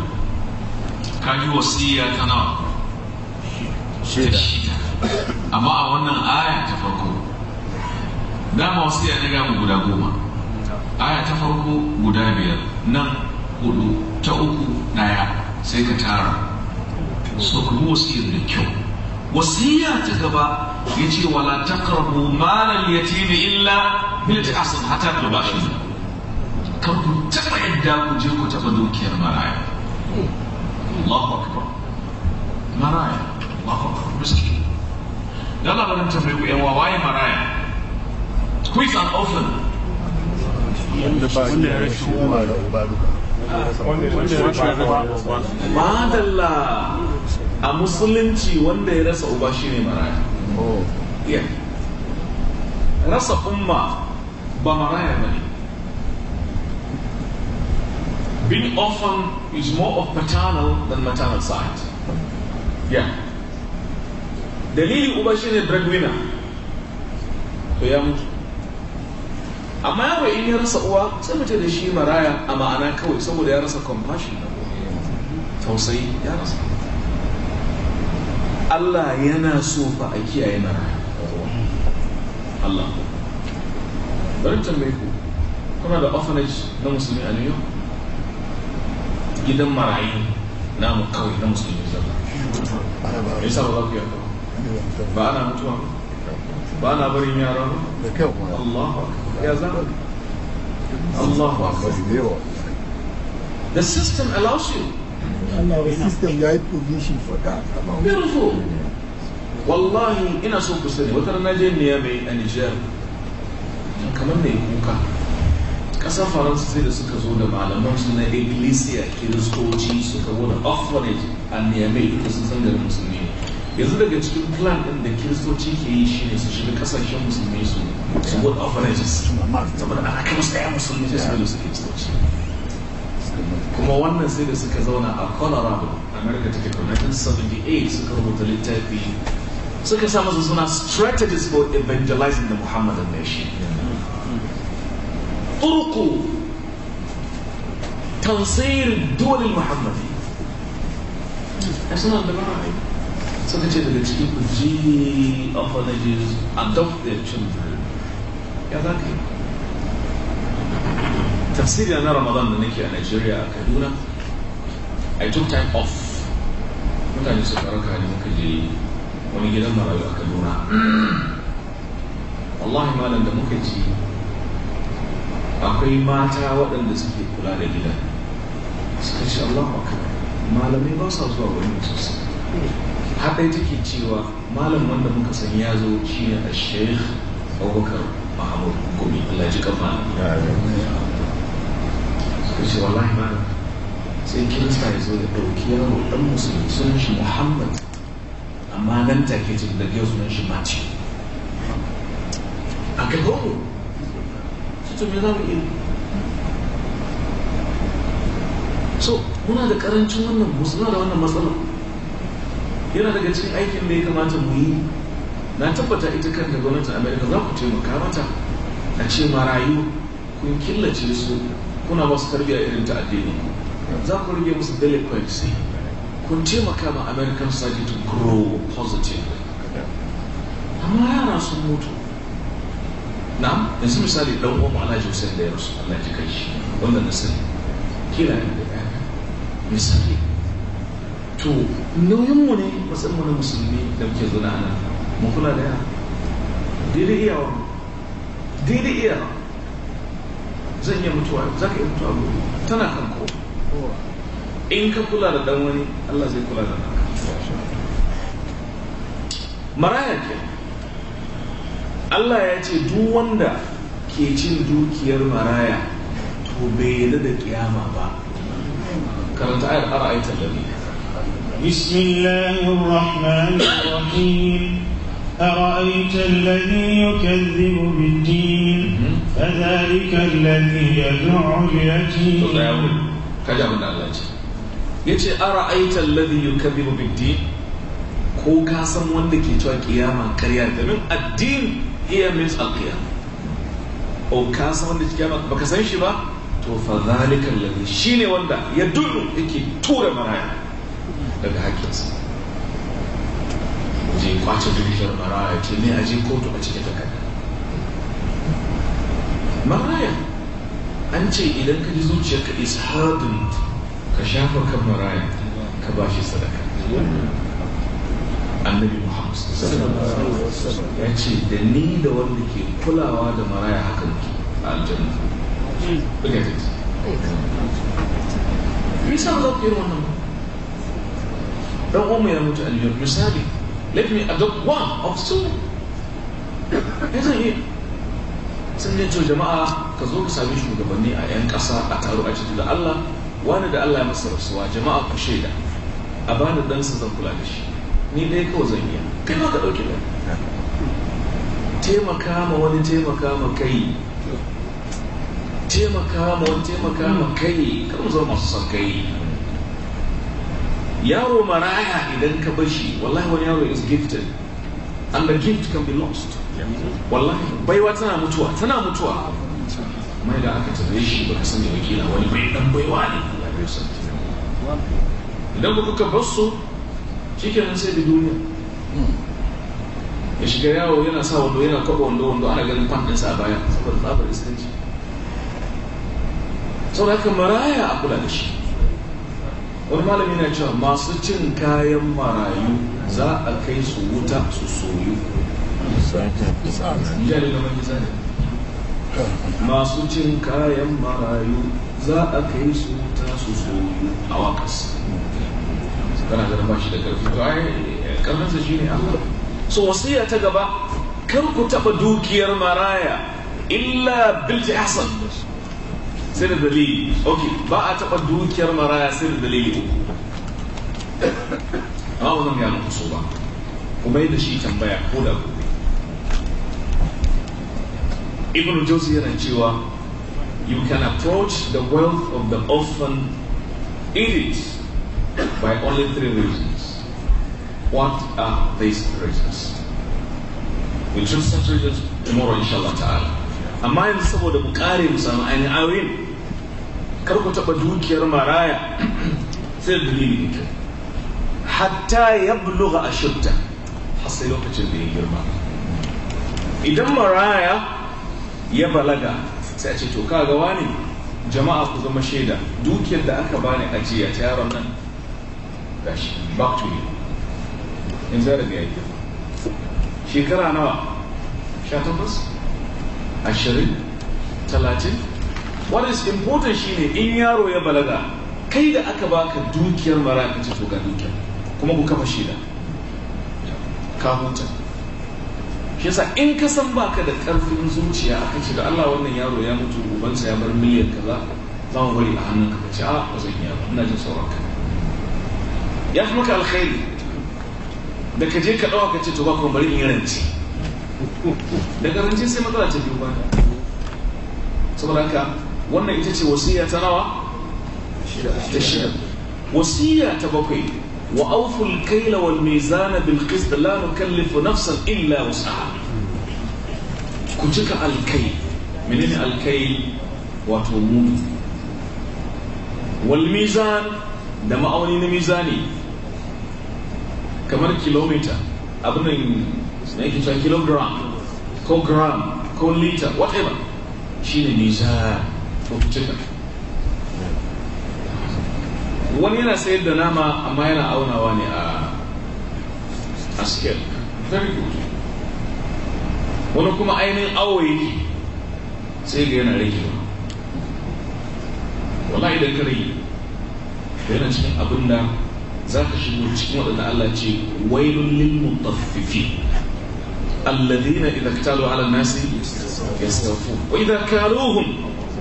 kaji wasiya ta nawa shida amma a wannan aya ta farko dama wasiya na mu guda goma aya ta farko guda biyar nan hudu ta uku daya sai ka tara so kuma wasiyar da kyau wasiya ta gaba ya ce wala taqrabu malal yatimi illa billati ahsan hatta yablugha ashuddahu kan ku taɓa yadda ku je ku taɓa dukiyar maraya Allahu akbar maraya Allahu akbar miski dan Allah ban tambaye ku yan wawaye maraya who is an orphan wanda ya da madalla a musulunci wanda ya rasa uba shine maraya oh. rasa umma ba maraya ba ne being orphan is more of paternal than maternal side. Yeah. Dalili uba shi ne breadwinner. To ya mutu. Amma yaro in ya rasa uwa sai mace da shi maraya a ma'ana kawai saboda ya rasa compassion da tausayi ya rasa. Allah yana so fa a kiyaye maraya. Allah. Bari tambaye ku. Kuna da orphanage na musulmi a New York? The system allows you. the system ya provision for that. Beautiful. Wallahi ina so a Niger. ƙasar faransa sai da suka zo da malaman su na iglesia kiristoci suka wani orphanage a niamey duka sun san garin musulmi yanzu daga cikin plan ɗin da kiristoci ke yi shi ne su shiga ƙasashen musulmi su su wani orphanage su saboda ana kai musu ɗaya musulmi su da su kiristoci kuma wannan sai da suka zauna a colorado america take 1978 suka rubuta littafi suka sa masa suna strategies for evangelizing the muhammadan nation طرق تنصير الدول المحمدية Arsenal da ba a yi suka ce daga cikin ku ji adopt their children ya za ka yi tafsiri na ramadan da nake a a kaduna i took time off mutane su farka ne muka je wani gidan marayu a kaduna wallahi malam da muka ji akwai mata waɗanda suke kula da gida suka ce Allah akbar malamai ba sa zuwa wani sosai haɗai take cewa malam wanda muka san ya zo shi ne a sheikh abubakar mahamud gumi Allah ji kafa suka ce wallahi malam sai kirista ya zo ya ɗauki yaro ɗan musulmi sun shi muhammad amma nan take ce da yau sunan shi mace a gabanmu to za mu so muna da karancin wannan musulman da wannan matsala yana daga cikin aikin da ya kamata mu yi na tabbata ita kanta gwamnatin amerika za ku taimaka mata a ce marayu kun killace su kuna masu tarbiyya irin ta addini za ku rage musu delinquency kun taimaka ma american society to grow positive amma yara sun mutu na yanzu misali dan uwan alhaji hussein da ya rasu allah ji kai wanda na sani kira ne da ɗaya misali to nauyin mu ne matsayin na musulmi da muke zo na ana mu kula da yara daidai iyawa daidai iyawa zan iya mutuwa za ka iya mutuwa gobe tana kan ko in ka kula da dan wani allah zai kula da naka maraya kenan Allah ya ce duk wanda ke cin dukiyar maraya to bai da kiyama ba karanta ayar ara'aita ladhi tallabi الله الرحمن الرحيم أرأيت الذي يكذب بالدين فذلك الذي يدعو اليتيم كذا الله yace ara'aita alladhi yukadhibu bid-din ko kasan wanda ke cewa kiyama karya domin addini here means alqiyam o ka san wanda kiyama baka san shi ba to fa zalika alladhi shine wanda ya du'u yake tura maraya daga hakinsa je kwace dukiyar maraya ce ne a je kotu a cikin takarda maraya an ce idan ka ji zuciyarka is ka shafa kan maraya ka bashi sadaka annabi muhammad ya ce da ni da wanda ke kulawa da maraya hakan ke a aljanna hmm. look at it misali za ku yi wannan dan uwanmu ya mutu aliyar misali let me adopt one of two ya zan iya sun ne to jama'a ka zo ka sami shugabanni a 'yan ƙasa a taro a cikin da Allah wani da Allah ya masa rasuwa jama'a ku shaida a bani dan sa zan kula da shi ni dai kawai zan iya kai ma ka ɗauki ba. taimaka ma wani taimaka ma kai taimaka ma wani taimaka ma kai kan zama masu son kai yaro maraya idan ka bashi wallahi wani yaro is gifted and the gift can be lost wallahi baiwa tana mutuwa tana mutuwa mai da aka tare shi ba ka sani wakila wani bai dan baiwa ne idan kuka bar su shikenan sai da duniya hmm. ya shiga yawo yana sa wando yana kwaba wando wando ana ganin kwantinsa a baya saboda tsabar isanci sau da maraya a kula da shi wani malami na cewa masu cin kayan marayu za a kai su wuta su soyu masu cin kayan marayu za a kai su wuta su soyu a wakasa kana ganin ba shi da karfi to ai karfinsa shine Allah so wasiya ta gaba kar ku taɓa dukiyar maraya illa bil ihsan sai da dalili ok ba a taɓa dukiyar maraya sai da dalili uku amma ba zan gano kuso ba kuma yadda shi tambaya ko da gobe ibn jauzi yana cewa you can approach the wealth of the orphan in it by only three reasons. What are these reasons? We choose such reasons tomorrow, inshallah ta'ala. Amma yanzu saboda mu kare mu samu ainihin ayoyin, kar ku taɓa dukiyar maraya sai dalili ne Hatta ya buluga a shirta, har lokacin da ya girma. Idan maraya ya balaga sai a ce to kaga wani jama'a ku zama shaida dukiyar da aka bani ajiya ta yaron nan gashi back to you in zarar ya yi shekara nawa sha takwas ashirin talatin what is important shine in yaro ya balaga kai da aka baka dukiyar mara ka ci to ga dukiyar kuma ku kafa shida ka huta shi yasa in ka san baka da karfin zuciya aka ce da Allah wannan yaro ya mutu ubansa ya bar miliyan kaza za mu bari a hannun ka ce a ah, ba zan iya ba ina jin sauran ka ya fi maka alkhairi da ka je ka ɗawa ka ce to ba kuma bari in yi rance daga rance sai matsala ta biyu baya saboda haka wannan ita ce wasiya ta nawa ta shida wasiya ta bakwai wa auful kaila wal mizana bil qist la nukallifu nafsan illa wus'aha ku cika alkai menene alkai wato mu wal mizan da ma'auni na mizani kamar kilomita abinan na yake cewa kilogram ko gram ko lita whatever shi ne nisa fahimtuka wani yana sayar da nama amma yana aunawa ne a askel wani kuma ainihin awo yake sai ga yana rage wallahi da kare yana cikin abin da za ka shigo cikin waɗanda Allah ce wailun lil mutaffifi alladhina idza iktalu ala nasi yastawfu wa idza kaluhum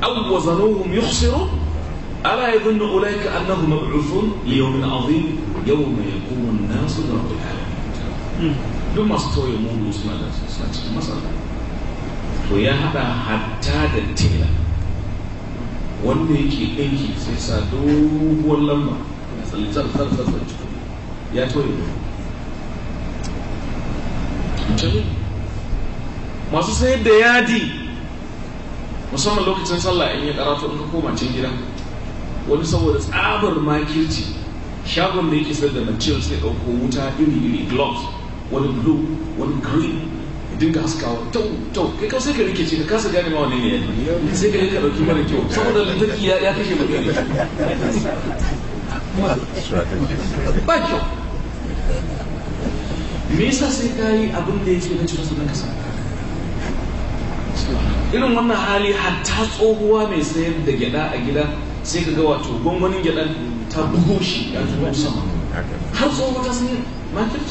aw wazanuhum yukhsiru ala yadhunnu ulaika annahum mab'uthun li yawmin 'azim yawma yaqumu an-nasu li rabbil alamin duk masu toye mudu suna da suna cikin masala to ya hada hatta da tela wanda yake ɗinki sai sa doguwar lamba masu sayar da yadi musamman lokacin sallah in yi karatu in koma gida wani saboda tsabar makirci shagon da yake sayar da material sai ɗauko wuta iri iri gloves wani blue wani green ya dinga haskawa tau tau kai kawai sai ka rike ce ka kasa gane ma wani ne sai ka yi ka ɗauki mara kyau saboda lantarki ya kashe mutum ba sai ka yi yake na wannan hali hatta tsohuwa mai sayar da gyada a gida sai ka ga wato gwangwanin gyada ta bugo ya zuwa sama har tsohuwa ta sayar market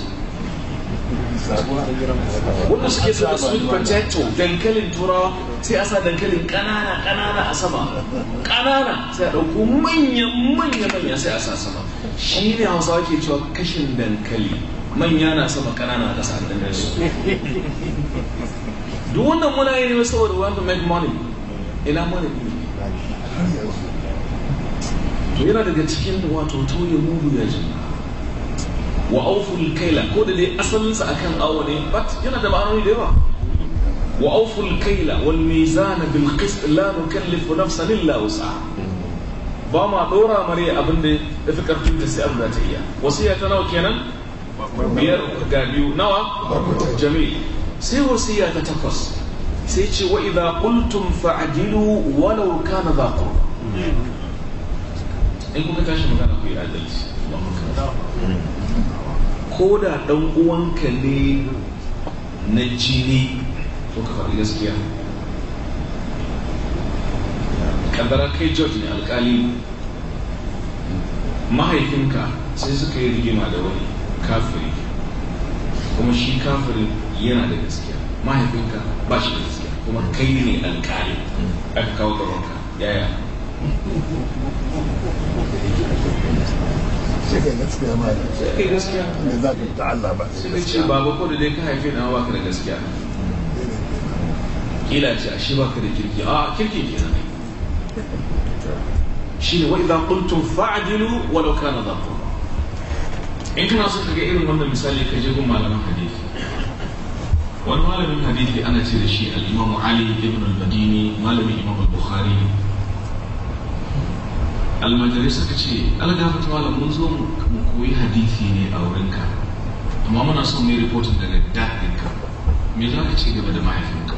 wanda suke sa sweet potato dankalin turawa sai a sa dankalin kanana kanana a sama kanana sai a dauko manya manya manya sai a sa sama shi ne hausawa ke cewa kashin dankali manya na sama kanana a da nasu duk wannan muna yi ne saboda we want to make money ina money to yana daga cikin wato tauye mudu ya jima wa auful kaila ko da dai asalinsa akan awo ne but yana da ma'anoni da yawa wa auful kaila wal mizana bil qist la nukallifu nafsan illa wus'aha ba ma dora mare abin da ya fi karfin ta sai abu za ta iya wasu ya ta nawa kenan biyar ga biyu nawa jami'i sai wasu ya ta takwas sai ce wa idha qultum fa'dilu walau kana dha in kuka tashi magana ku yi adalci ko da ɗan uwanka ne na jini ko ka faɗi gaskiya kaddara kai george ne alkali mahaifinka sai suka yi rigima da wani kafiri kuma shi kafirin yana da gaskiya mahaifinka ba shi da gaskiya kuma kai ne alkali aka kawo gabanka yaya sai gaskiya ma sai kai gaskiya inda za ka ta Allah ba sai ce baba ko da dai ka haife na baka da gaskiya kila ce a shi baka da kirki a kirki kenan shine wa idza qultum fa'dilu walau kana dha qurba in kana so ka ga irin wannan misali ka je gun malaman hadisi wani malamin hadisi ana ce da shi al-Imam Ali ibn al-Madini malamin Imam al-Bukhari almajirai suka ce algafin malam mun zo mu koyi hadisi ne a wurinka amma muna son mai rikotin daga daɗinka me za ka ce gaba da mahaifinka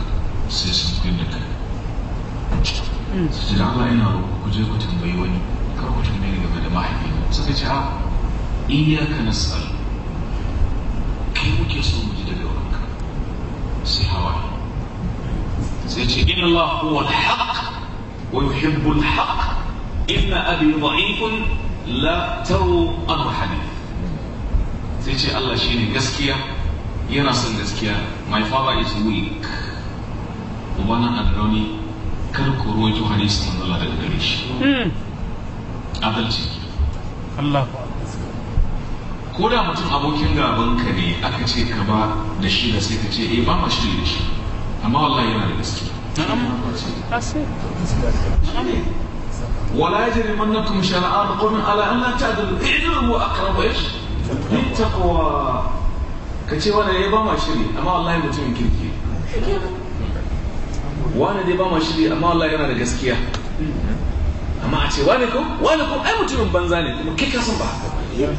sai sun fi da kai su ce da Allah yana roƙo ku je ku tambayi wani kar ku tambayi game da mahaifinka. suka ce ah, a na nas'al kai muke so mu ji daga wurinka sai hawa sai ce inna Allah huwa al-haq wa yuhibbu al-haq inna abi da'ifun la taru anhu hadith sai ce Allah shi ne gaskiya yana son gaskiya my father is weak ubana rauni kar ku roƙi hadisi manzo Allah daga gare shi hmm. adalci Allah ko da mutum abokin gaban ka ne aka ce ka ba da shi da sai ka ce eh ba ma shi da shi amma wallahi yana da gaskiya ولا يجرمنكم شنآن قوم على أن لا تعدلوا اعدلوا هو أقرب إيش للتقوى كتي وانا يبا ما شري أما الله يمتمن كيركي وانا يبا ما شري أما الله يرى لقسكيا أما أتي وانكم وانكم أي متمن بنزاني كي كاسم بحكم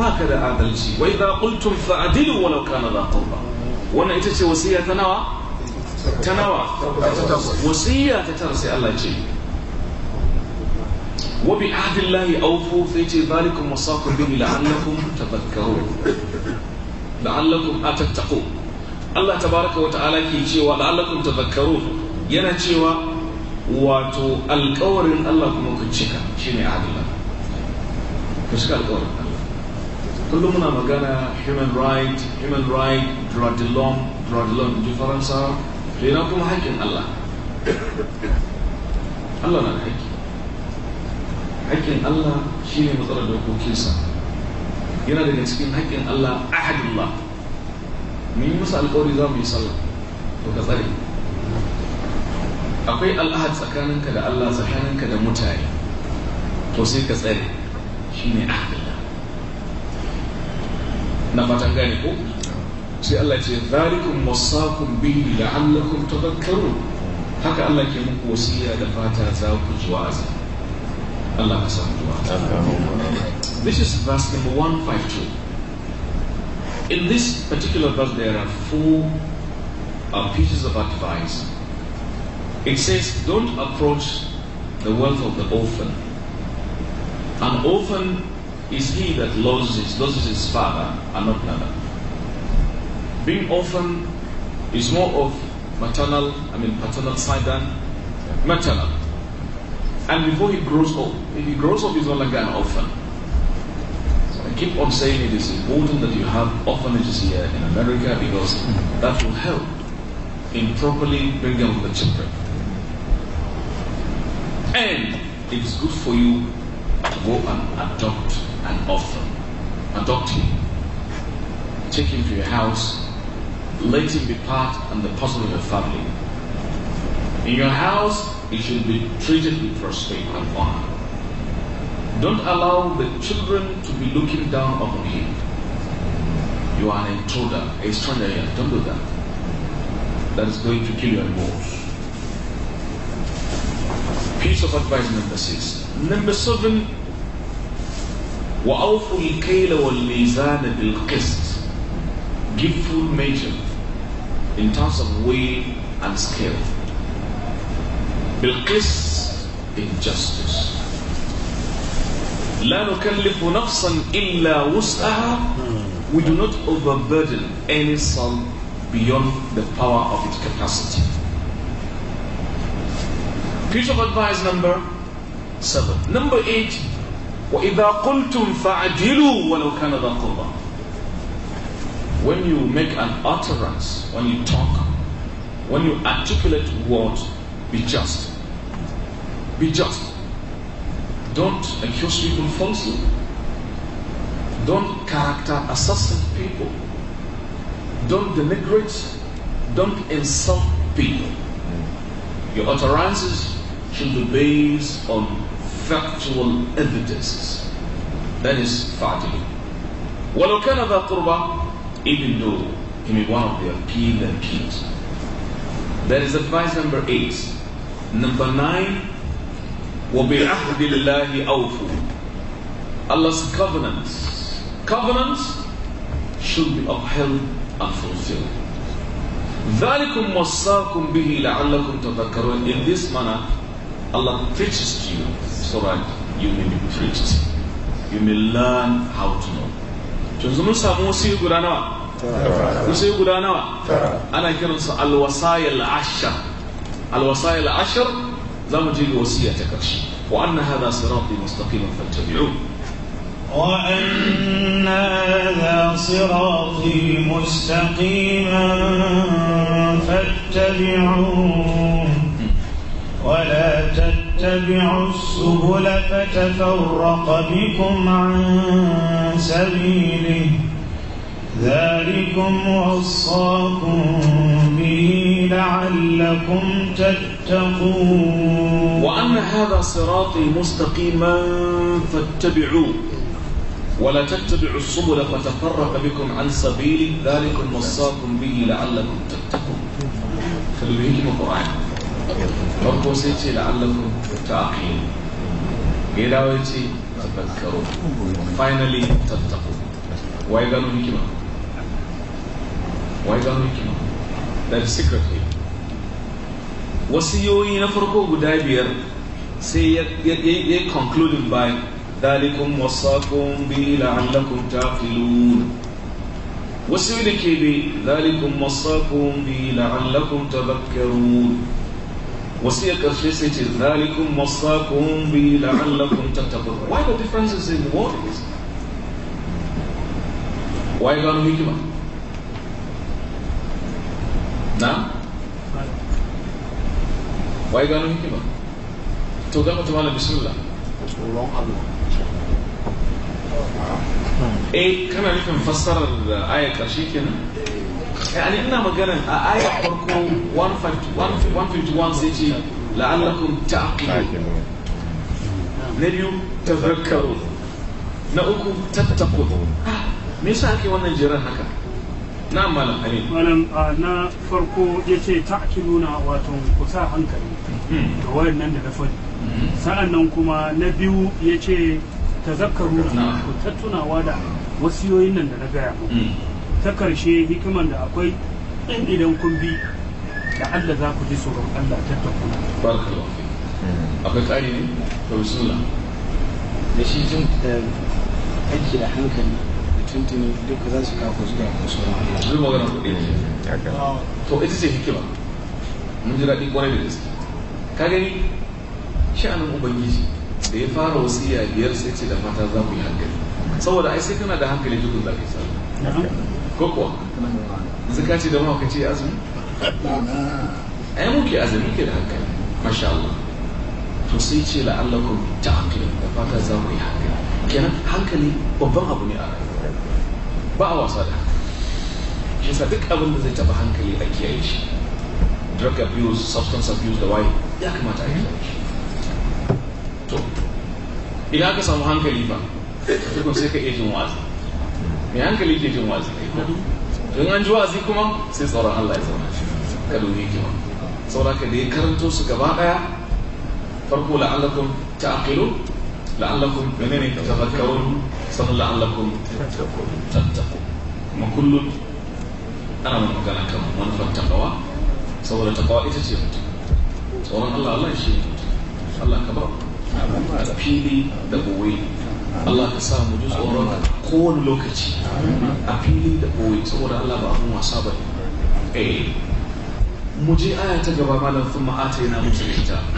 هكذا عدلتي وإذا قلتم فعدلوا ولو كان ذا قربا وانا إتتي وصية تنوى تنوى وصية تترسي الله يجيب wa bi ahdillahi awfu sai ce zalikum wasakum bihi la'allakum tadhakkarun a atattaqu Allah ta tabaraka wa ta'ala ke cewa la'allakum tadhakkarun yana cewa wato alƙawarin Allah kuma ku cika shine adillah ku cika alƙawarin Allah kullum muna magana human right human right droit de l'homme droit de l'homme ji faransa to yana kuma haƙƙin Allah Allah na da haƙƙi haƙƙin Allah shi ne matsalar dokokinsa yana daga cikin haƙƙin Allah ahadullah mun yi musu alƙawari za mu yi sallah to ka tsare akwai al'ahad tsakaninka da Allah tsakaninka da mutane to sai ka tsare shi ne ahadullah na fatan gane ko sai Allah ce zalikum wasakum bihi la'allakum tadhakkarun haka Allah ke muku wasiya da fata za ku zuwa wa'azi Allah This is verse number 152. In this particular verse, there are four uh, pieces of advice. It says, Don't approach the wealth of the orphan. An orphan is he that loses, loses his father and not another. Being orphan is more of maternal, I mean paternal side than maternal. And before he grows old, he grows up, he's not like an orphan. I keep on saying it is important that you have orphanages here in America because that will help in properly bringing up the children. And it is good for you to go and adopt an orphan. Adopt him. Take him to your house. Let him be part and the puzzle of your family. In your house, he should be treated with respect and honor. Don't allow the children to be looking down upon you. You are an intruder, a stranger here. Don't do that. That is going to kill your morals. Piece of advice number six. Number seven. وأوفوا الكيل والميزان بالقسط. Give full measure in terms of weight and scale. بالقسط in justice. لا نكلف نفسا إلا وسعها we do not overburden any soul beyond the power of its capacity piece of advice number seven number eight وإذا قلتم ولو كان ذا when you make an utterance when you talk when you articulate words be just be just don't accuse people falsely. Don't character assassinate people. Don't denigrate. Don't insult people. Your utterances should be based on factual evidences. That is fa'atil. وَلَوْ كَانَ ذَا Even though he may one of their kin and kin. That is advice number eight. Number nine, وَبِعَهْدِ اللَّهِ أَوْفُوا Allah's covenants. Covenants should be upheld and fulfilled. ذَلِكُمْ وَصَّاكُمْ بِهِ لَعَلَّكُمْ تَذَكَّرُونَ In this manner, Allah preaches to you so that you may be preached. You may learn how to know. Yanzu mun samu wasu guda nawa? Wasu guda nawa? Ana kiransu alwasayil ashar. زوجي الوصية كرشي وأن هذا صراطي مستقيما فاتبعوه وأن هذا صراطي مستقيما فاتبعوه ولا تتبعوا السبل فتفرق بكم عن سبيله ذلكم وصاكم به لعلكم تتقون وأن هذا صراطي مستقيما فاتبعوه ولا تتبعوا السبل فتفرق بكم عن سبيلي ذلك وصاكم به لعلكم تتقون خلوا القرآن ربو سيتي لعلكم تعقلون إذا ويتي تذكرون فاينلي تتقون وإذا نهكما وإذا نهكما that is secretly wasiyoyi na farko guda biyar sai ya yi concluding by dalikum wasaqum bi la'allakum taqilun wasu da ke bi dalikum wasaqum bi la'allakum tadhakkarun wasu ya karshe sai ce dalikum wasaqum bi la'allakum tattaqun why the you in to why gano hikima na wai gano kima to ga mutum ala bismillah tsoron allah eh kana nufin fassarar da aya karshe kenan yani eh, ina maganar a aya farko one one one. fifty 151 sai ce la'allakum ta'qilu na biyu tazakkaru na uku tattaku. Ah, me yasa ake wannan jiran haka na malam amin malam ah, na farko yace ta'qiluna wato ku sa hankali ga nan da na faɗi sa'an nan kuma na biyu ya ce tazakkaru ku ta tunawa da wasiyoyin nan da na gaya muku ta karshe hikiman da akwai in idan kun bi da Allah za ku ji tsoron Allah ta tafi barakallahu akwai tsari ne to bismillah da shi jin eh, aiki da hankali da tuntuni duka za su kafa zuwa ga tsoron Allah zuwa ga kuɗi to ita ce hikima mun ji daɗi kwarai da gaske ka gani sha'anin ubangiji da ya fara wasiya biyar sai ce da mata za ku yi hankali saboda ai sai kana da hankali duk da ka sai ko ko kuwa yanzu ka ce da mawa ka ce azumi ai ke azumi ke da hankali masha Allah to sai ce la'allakum ta'qil da fata za ku yi hankali kenan hankali babban abu ne a rayuwa ba a wasa da shi sa duk abin da zai taba hankali a kiyaye shi drug abuse substance abuse da waye ya kamata a to idan aka samu hankali ba tukun sai ka iya jin wazi mai hankali ke jin wazi don an ji wazi kuma sai tsoron Allah ya zama shi ka dubi kima saboda ka da ya karanto su gaba daya farko la'allakum ta'qilu la'allakum menene tafakkarun sannan la'allakum tattaqu kuma kullum ana magana kan manufar takawa saboda takawa ita ce mutum الله الله شيء الله كبر أبيلي دبوي الله كسام جزء أوران كون لوكتي أبيلي دبوي سورة الله بأمو وصابر أي مجي آية ثم آتينا موسى الكتاب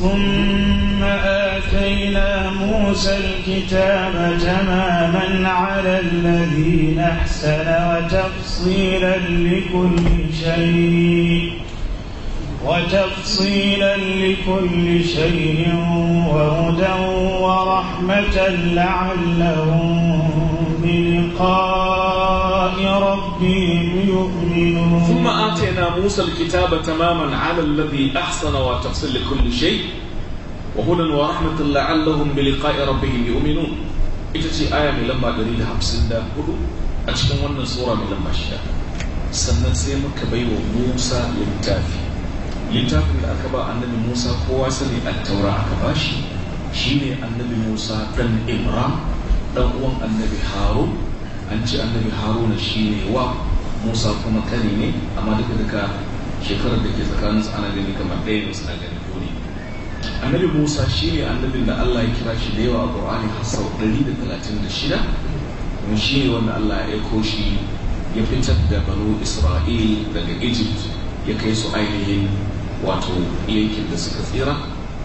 ثم آتينا موسى الكتاب تماما على الذين أحسن وتفصيلا لكل شيء وتفصيلا لكل شيء وهدى ورحمة لعلهم بلقاء ربهم يؤمنون ثم آتينا موسى الكتاب تماما على الذي أحسن وتفصيل لكل شيء وهدى ورحمة لعلهم بلقاء ربهم يؤمنون ita آية من لما lamba 154 a cikin wannan sura من لما shida sannan sai موسى baiwa littafin da aka ba annabi musa kowa sani attaura aka ba shi shine annabi musa dan imra dan uwan annabi Haru. an ce annabi Haru shi ne wa musa kuma kani ne amma duka duka shekarar da ke tsakanin ana gani kamar ɗaya ne suna gani biyu annabi musa shi ne annabin da allah ya kira shi da yawa a qur'ani har sau ɗari da talatin da shida wanda allah ya aiko shi ya fitar da banu isra'il daga egypt ya kai su ainihin wato yankin da suka tsira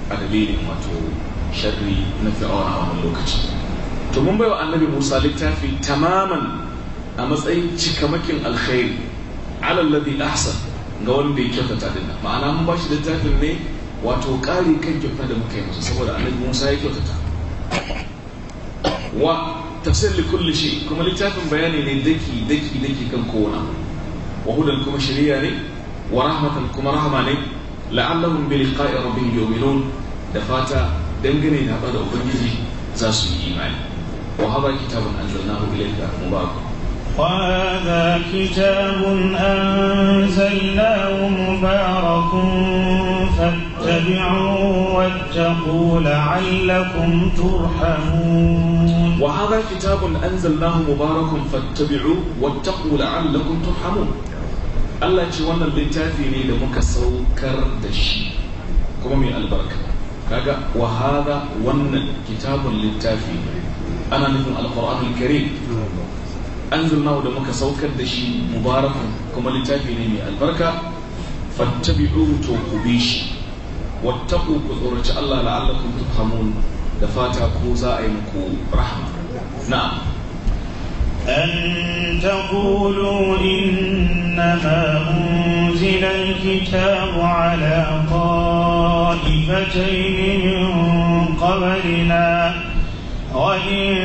a dalilin wato sharri na fir'auna a wani lokaci to mun baiwa annabi musa littafi tamaman a matsayin cikamakin alkhairi alal ladhi ahsan ga wanda ya kyautata dinna ma'ana mun bashi littafin ne wato ƙari kan kyauta da muka yi masa saboda annabi musa ya kyautata wa tafsir li kulli shi kuma littafin bayani ne daki daki daki kan kowa wa hudan kuma shari'a ne wa rahmatan kuma rahama ne لعلهم بلقاء ربهم يؤمنون دفاتا دنگني نابا دا أبنجي زاسو إيمان وهذا كتاب أنزلناه إليك مبارك وهذا كتاب أنزلناه مبارك فاتبعوه واتقوا لعلكم ترحمون وهذا كتاب أنزلناه مبارك فاتبعوه واتقوا لعلكم ترحمون Allah ce wannan littafi ne da muka saukar da shi kuma mai albarka kaga wahada wannan kitabun littafi ana nufin alkur'anul karim anzalnahu da muka saukar da shi mubarakun kuma littafi ne mai albarka fattabi'u to ku bi shi wattaqu ku tsoraci Allah la'allakum turhamun da fata ko za a yi muku rahma na'am an taqulu in إنما أنزل الكتاب على طائفتين من قبلنا وإن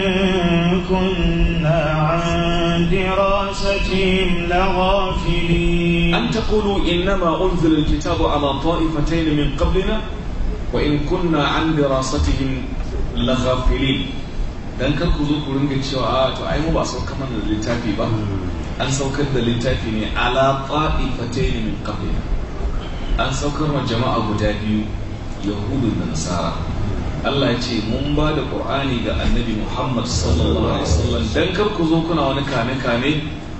كنا عن دراستهم لغافلين أن تقولوا إنما أنزل الكتاب على طائفتين من قبلنا وإن كنا عن دراستهم لغافلين dan kar ku zo ku ringa cewa ah, to ai mu ba sauka kamar littafi ba hmm. an saukar da littafi ne ala fatayni min an saukar wa jama'a guda biyu yahudu da nasara Allah ya ce mun ba da Qur'ani ga Annabi Muhammad sallallahu alaihi wasallam dan kar ku zo kuna wani kame kame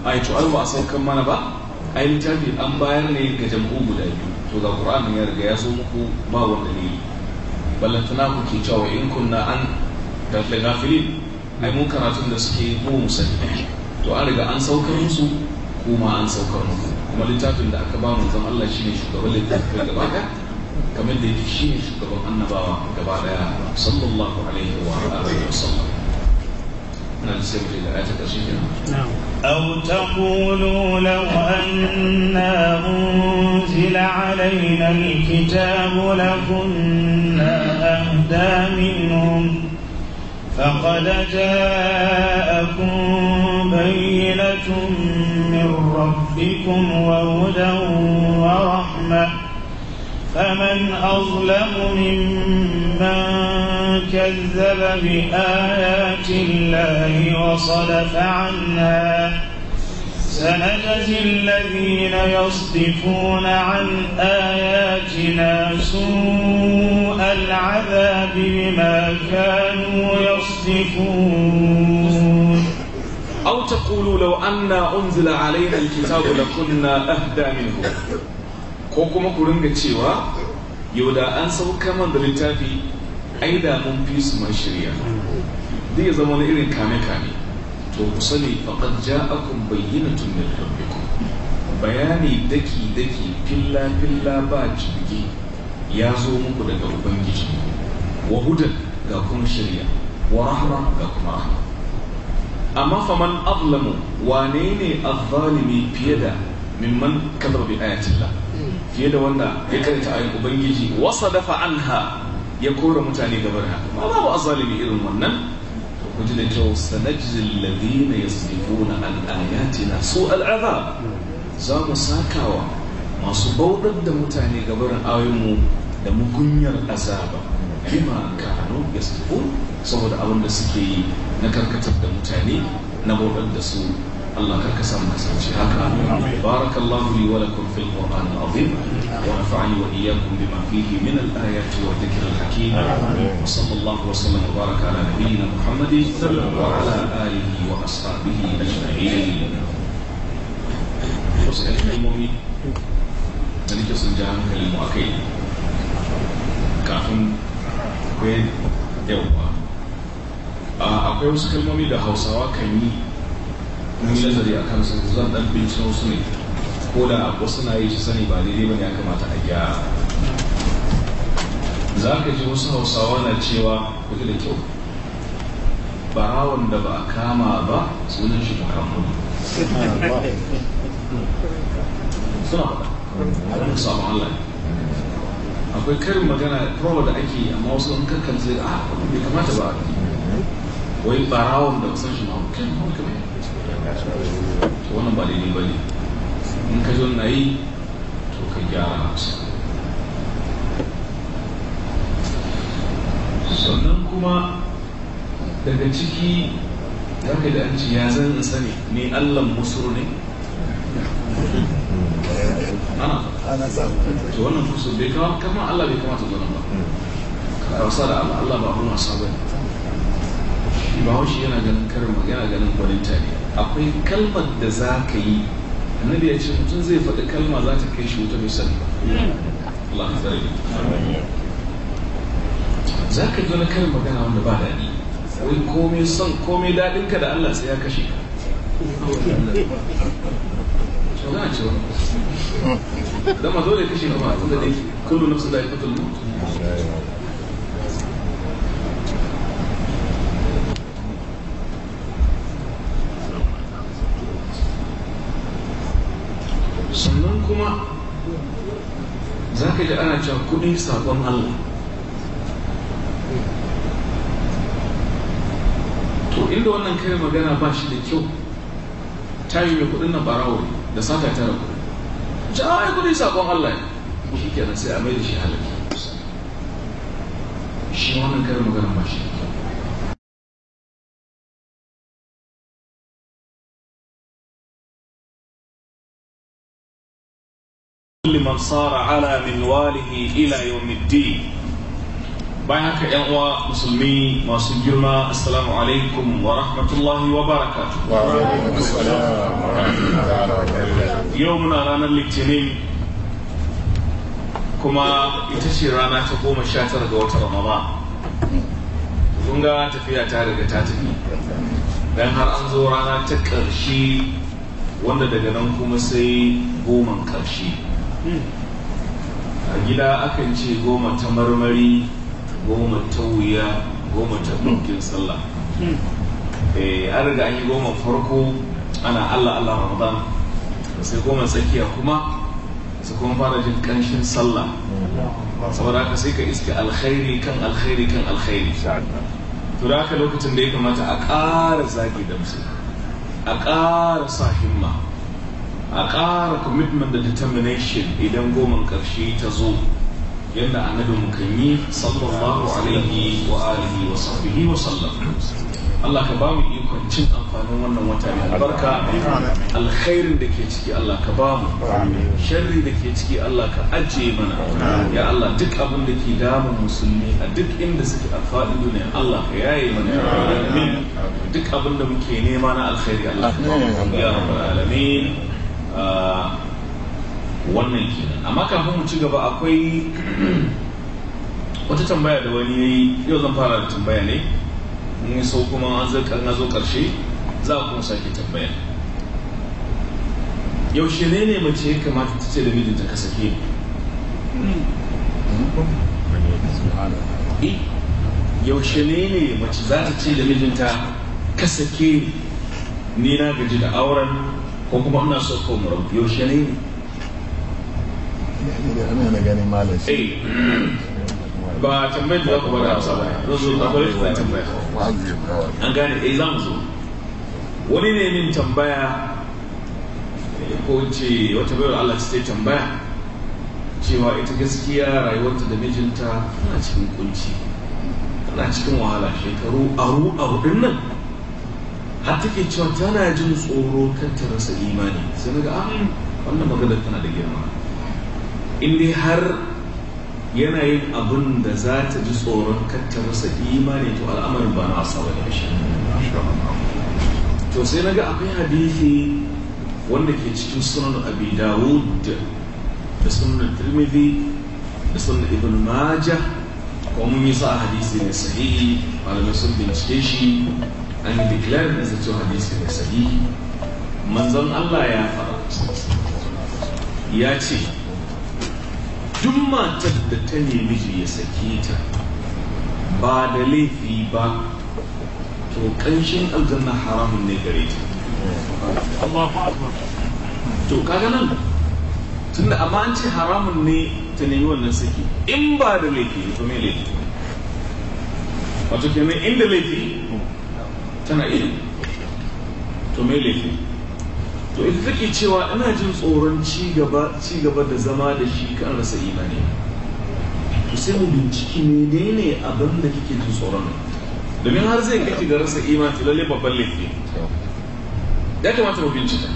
ai to ai ba a saukar mana ba ai littafi an bayar ne ga jama'u guda biyu to ga Qur'ani ya riga ya so muku ba wanda ne ballantana ku ke cewa in kunna an da gafilin ai mun karatun da suke mu musani to an riga an saukar musu kuma an saukar musu kuma littafin da aka ba mu zan Allah shine shugaban littafin gaba ɗaya kamar da yake shine shugaban annabawa gaba daya sallallahu alaihi wa alihi wasallam أو تقولوا لو أنا أنزل علينا الكتاب لكنا أهدى منهم فقد جاءكم بينة من ربكم وهدى ورحمة فمن أظلم ممن كذب بآيات الله وصدف عنها سنجزي الذين يصدفون عن آياتنا سوء العذاب بما كانوا يصدفون أو تقول لو أن أنزل علينا الكتاب لكنا أهدى منه كوكما كورنجا تشيوا يودا أنسو كمان دلتافي أيضا من بيس ما الشريعة دي زمان إرين كامي كامي to ku sani faqad ja'akum bayyinatun min rabbikum bayani daki daki filla filla ba jirgi ya zo muku daga ubangiji wa hudan ga kuma shirya wa rahma ga kuma rahma amma faman azlamu wane ne azzalimi fiye da mimman kadaba bi ayatillah fiye da wanda ya karanta ayin ubangiji wasa dafa anha ya kora mutane gabar haka ma babu azzalimi irin wannan ku da kyau sanajin ladina ya na al'ayatina su al'ada za mu sakawa masu bauɗar da mutane gabarin ayoyinmu da mugunyar azaba bima kano ya saboda abin da suke yi na karkatar da mutane na bauɗar da su Allah kar ka samu kasance haka barakallahu li wa lakum fil qur'an al-azim wa rafa'ni wa iyyakum bima fihi min al-ayati wa dhikri al-hakim wa sallallahu wa sallam wa baraka ala nabiyyina muhammadin sallallahu wa wasu kalmomi da nake son ja hankali mu akai kafin akwai yawa akwai wasu kalmomi da hausawa kan yi mun yi nazari a kansu zan dan bincin su ne ko da wasu na yi shi sani ba daidai ba ne ya kamata a gyara za ka ji wasu hausawa na cewa ku da kyau barawon da ba a kama ba sunan shi muhammadu suna akwai karin magana proba da ake amma wasu an kankan zai a ah, bai kamata ba wai barawon da wasan shi mahaukar mahaukar to wannan ba daidai ba ne in ka zo na yi to ka gyara sannan kuma daga ciki haka da an ce ya zan in sani ni allan musu ne ana to wannan kusur bai kama kama allah bai kamata zuwa ba ka wasa da allah allah ba kuma wasa ba ne ba haushi yana ganin karin magana ganin gwanin tarihi akwai kalmar da za ka yi annabi ya ce mutum zai faɗi kalma za ta kai shi wuta mai sani ba za ka ji wani karin magana wanda ba daɗi wai komai son komai daɗin ka da Allah sai ya kashe ka to na ce wani da ma dole kashe ka ma da dai kullu nafsin da ya fatul mutu ka ji ana cewa kudi sabon Allah to inda wannan kai magana ba shi da kyau ta yi mai kudin na barawo da sata tara kuɗi ji ai kudi sabon Allah ne shi kenan sai a mai da shi halaki shi wannan kai magana ba shi da kyau kulli man sara ala walihi ila yawmiddin bayan haka yan uwa musulmi masu girma assalamu alaikum wa rahmatullahi wa baraka. yau muna ranar litinin kuma ita ce rana ta goma sha tara ga wata ramama kun ga tafiya ta riga ta tafi dan har an zo rana ta ƙarshe wanda daga nan kuma sai goman ƙarshe a gida akan ce goma ta marmari goma ta wuya goma ta ɗaukin sallah eh, an riga an yi goma farko ana allah allah ramadan sai goma tsakiya kuma su kuma fara jin ƙanshin sallah saboda haka sai ka iska alkhairi kan alkhairi kan alkhairi to da haka lokacin da ya kamata a ƙara zagi damsu a ƙara sa himma a ƙara commitment da determination idan goman ƙarshe ta zo yadda annabi mu kan yi sallallahu alaihi wa alihi wa sahbihi wa sallam Allah ka ba mu ikon cin amfanin wannan wata mai albarka alkhairin da ke ciki Allah ka ba mu sharri da ke ciki Allah ka ajiye mana ya Allah duk abin da ke damun musulmi a duk inda suke alfaɗin duniya Allah ka yaye mana duk abin da muke nema na alkhairi Allah ka ba mu ya rabbal alamin Ah, wannan kenan amma kafin mu ci gaba akwai wata tambaya da wani yi yau zan fara da tambaya ne in sau kuma an zai na zo karshe za ku sake tambaya yaushe ne ne mace ya kamata ta ce da mijinta ka sake ni eh, yaushe ne ne mace za ta ce da mijinta ka sake ni na gaji da auren ko kuma ina so ko mu rabu yaushe ne ne ganin malam sai eh, ba tambayar da za ku bada da ba zan zo ta kwalit tambaya an gane eh zamu zo wani ne min tambaya ko ce wata bayar Allah ta tambaya cewa ita gaskiya rayuwarta da mijinta tana cikin kunci tana cikin wahala shekaru aru aru din nan har take cewa tana jin tsoro kan ta rasa imani sai naga an ah, wannan maganar tana da girma inda har yana yin abin da za ta ji tsoron kan ta rasa imani to al'amarin ba na wasa bane shi to sai naga akwai hadisi wanda ke cikin sunan abi dawud da sunan tirmidhi da sunan ibn majah kuma mun yi sa hadisi ne sahihi malamai sun bincike shi an declare da sa cewa hadisi da sahihi manzon Allah ya faɗa ya ce duk matar da ta nemi ya sake ta ba da laifi ba to kanshin aljanna haramun ne gare ta to kaga nan tunda amma an ce haramun ne ta nemi wannan saki in ba da laifi to me laifi wato kenan inda laifi tana iya to me laifi to ita take cewa ina jin tsoron ci gaba da zama da shi kan rasa imani to sai mu binciki menene abin da kike jin tsoron domin har zai kake ga rasa imani to lalle babban laifi ya kamata mu bincika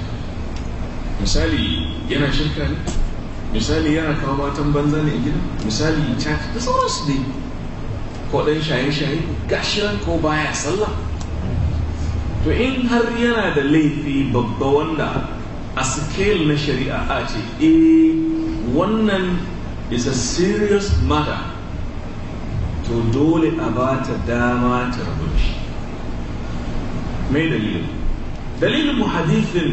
misali yana shirka ne misali yana kawo matan banza ne a gida misali ta da sauransu ne ko dan shaye-shaye gashiran ko baya sallah to in har yana da laifi babba wanda a scale na shari'a a ce e, wannan is a serious matter to dole a ba ta dama ta rabu shi mai dalilin dalilin muhadifin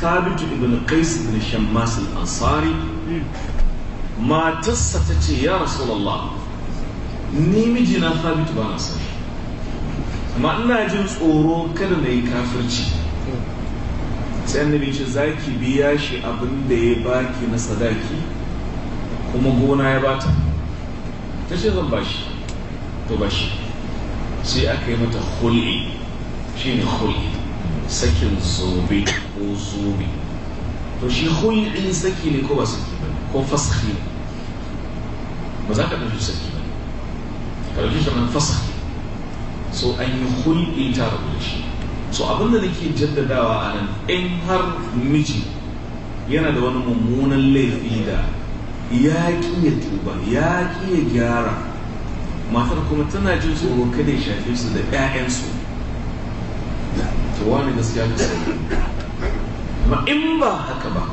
Sabitu ibn qais ibn shammas al-ansari matarsa ta ce ya rasulullah ni miji na thabit ba na san amma ina jin tsoro kada na yi kafirci sai annabi ce za ki biya shi abin da ya baki na sadaki kuma gona ya bata ta ce zan bashi to bashi sai aka yi mata hul'i shi ne hul'i sakin zobe ko zobe to shi hul'in saki ne ko ba saki ba ko fasahi ba za ka ɗauki saki ba ka ɗauki shi nan fasahi so an yi hulɗi ta da shi so abinda nake jaddadawa a nan in har miji yana da wani mummunan laifi da ya ƙi ya tuba ya ƙi ya gyara matar kuma tana jin tsoro kada ya shafe su da 'ya'yansu to wani gaskiya ta ma in ba haka ba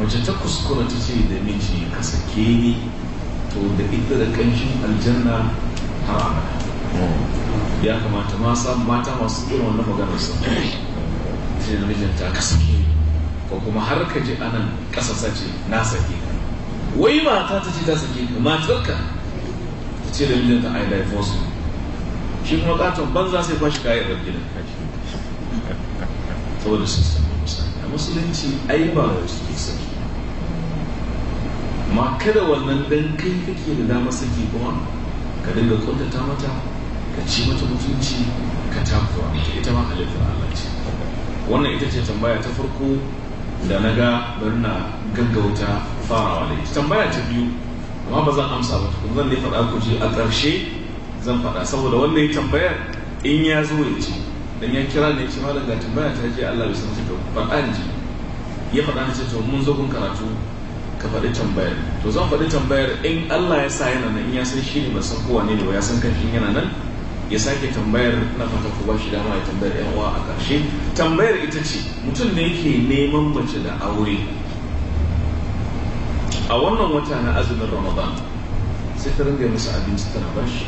mace ta kuskura ta ce da miji ka sake ni to da ita da ƙanshin aljanna har abada ya kamata ma samun mata masu irin wannan maganar su ce namijin ta ka sake ko kuma har ka ji anan ƙasa sace na sake wai mata ta ce ta sake ka matar ka ta ce da mijin ta ai ya fosu shi kuma katon banza sai kwashi kayan ɗarki da kaji saboda sistem a musulunci ai ba da suke sake ma kada wannan dan kai kake da dama sake kuma ka dinga ta mata ka ci mata mutunci ka takura mata ita ma halittar Allah ce wannan ita ce tambaya ta farko da na ga bari na gaggauta farawa da ita tambaya ta biyu amma ba zan amsa ba tukun zan dai faɗa ku a ƙarshe zan faɗa saboda wanda ya tambayar in ya zo ya ce dan ya kira ne ce malam ga tambaya ta je Allah bai san ta faɗa ni ya faɗa ni ce to mun zo kun karatu ka faɗi tambayar to zan faɗi tambayar in Allah ya sa yana nan in ya san shi ne ba san kowa ne ba ya san kan yana nan ya sake tambayar na fata ku bashi dama ya tambayar yan uwa a ƙarshe tambayar ita ce mutum ne yake neman mace da aure a wannan wata na azumin ramadan sai ta rinda masa abinci tana bashi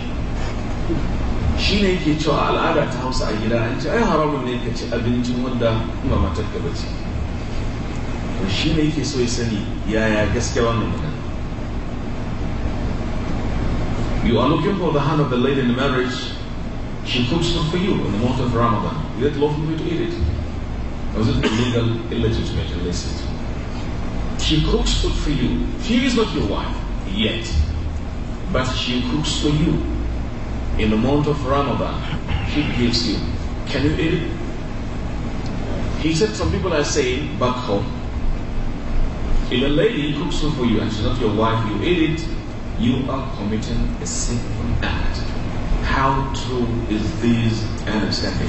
shi ne yake cewa al'ada ta hausa a gida an ce ai haramun ne ka ci abincin wanda ba matar ka bace to shi ne yake so ya sani yaya gaskiya wannan magana You are looking for the hand of the lady in marriage She cooks food for you in the month of Ramadan. You get lawful way to eat it. Was it illegal, illegitimate, illicit? She cooks food for you. She is not your wife yet, but she cooks for you in the month of Ramadan. She gives you. Can you eat it? He said some people are saying back home, if a lady cooks food for you and she's not your wife, you eat it, you are committing a sinful act how true is this understanding?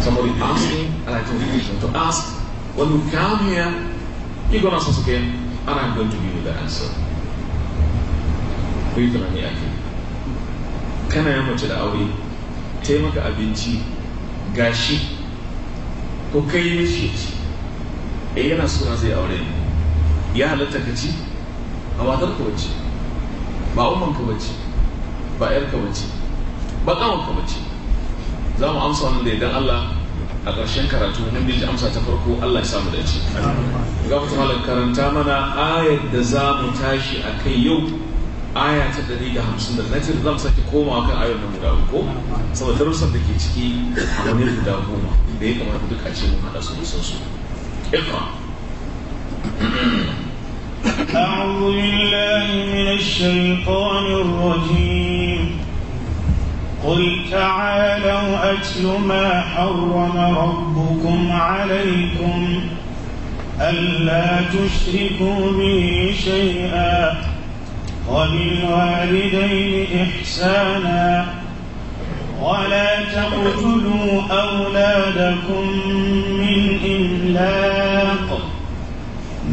Somebody asked me, and I took the to ask, when you come here, you're going to ask us again, and I'm going to give you the answer. Ku yi tunani a Can I ya mace da aure, taimaka abinci, gashi, ko kai ya shi ci. Eh yana suna zai aure ne. Ya halatta ka ci, a matar ka bace, ba umman ka bace. ba yar ka bace ba kawon ka bace za mu amsa wannan da idan Allah a ƙarshen karatu mun bi amsa ta farko Allah ya samu da ci ga mutum malam karanta mana ayar da za mu tashi a kai yau aya ta dari da hamsin da na ce za mu sake komawa kan ayon nan guda saboda darussan da ke ciki a wani guda goma da ya kamata duka ce mun haɗa su da sun su. أعوذ بالله من الشيطان الرجيم قل تعالوا أتل ما حرم ربكم عليكم ألا تشركوا به شيئا وبالوالدين إحسانا ولا تقتلوا أولادكم من إملاق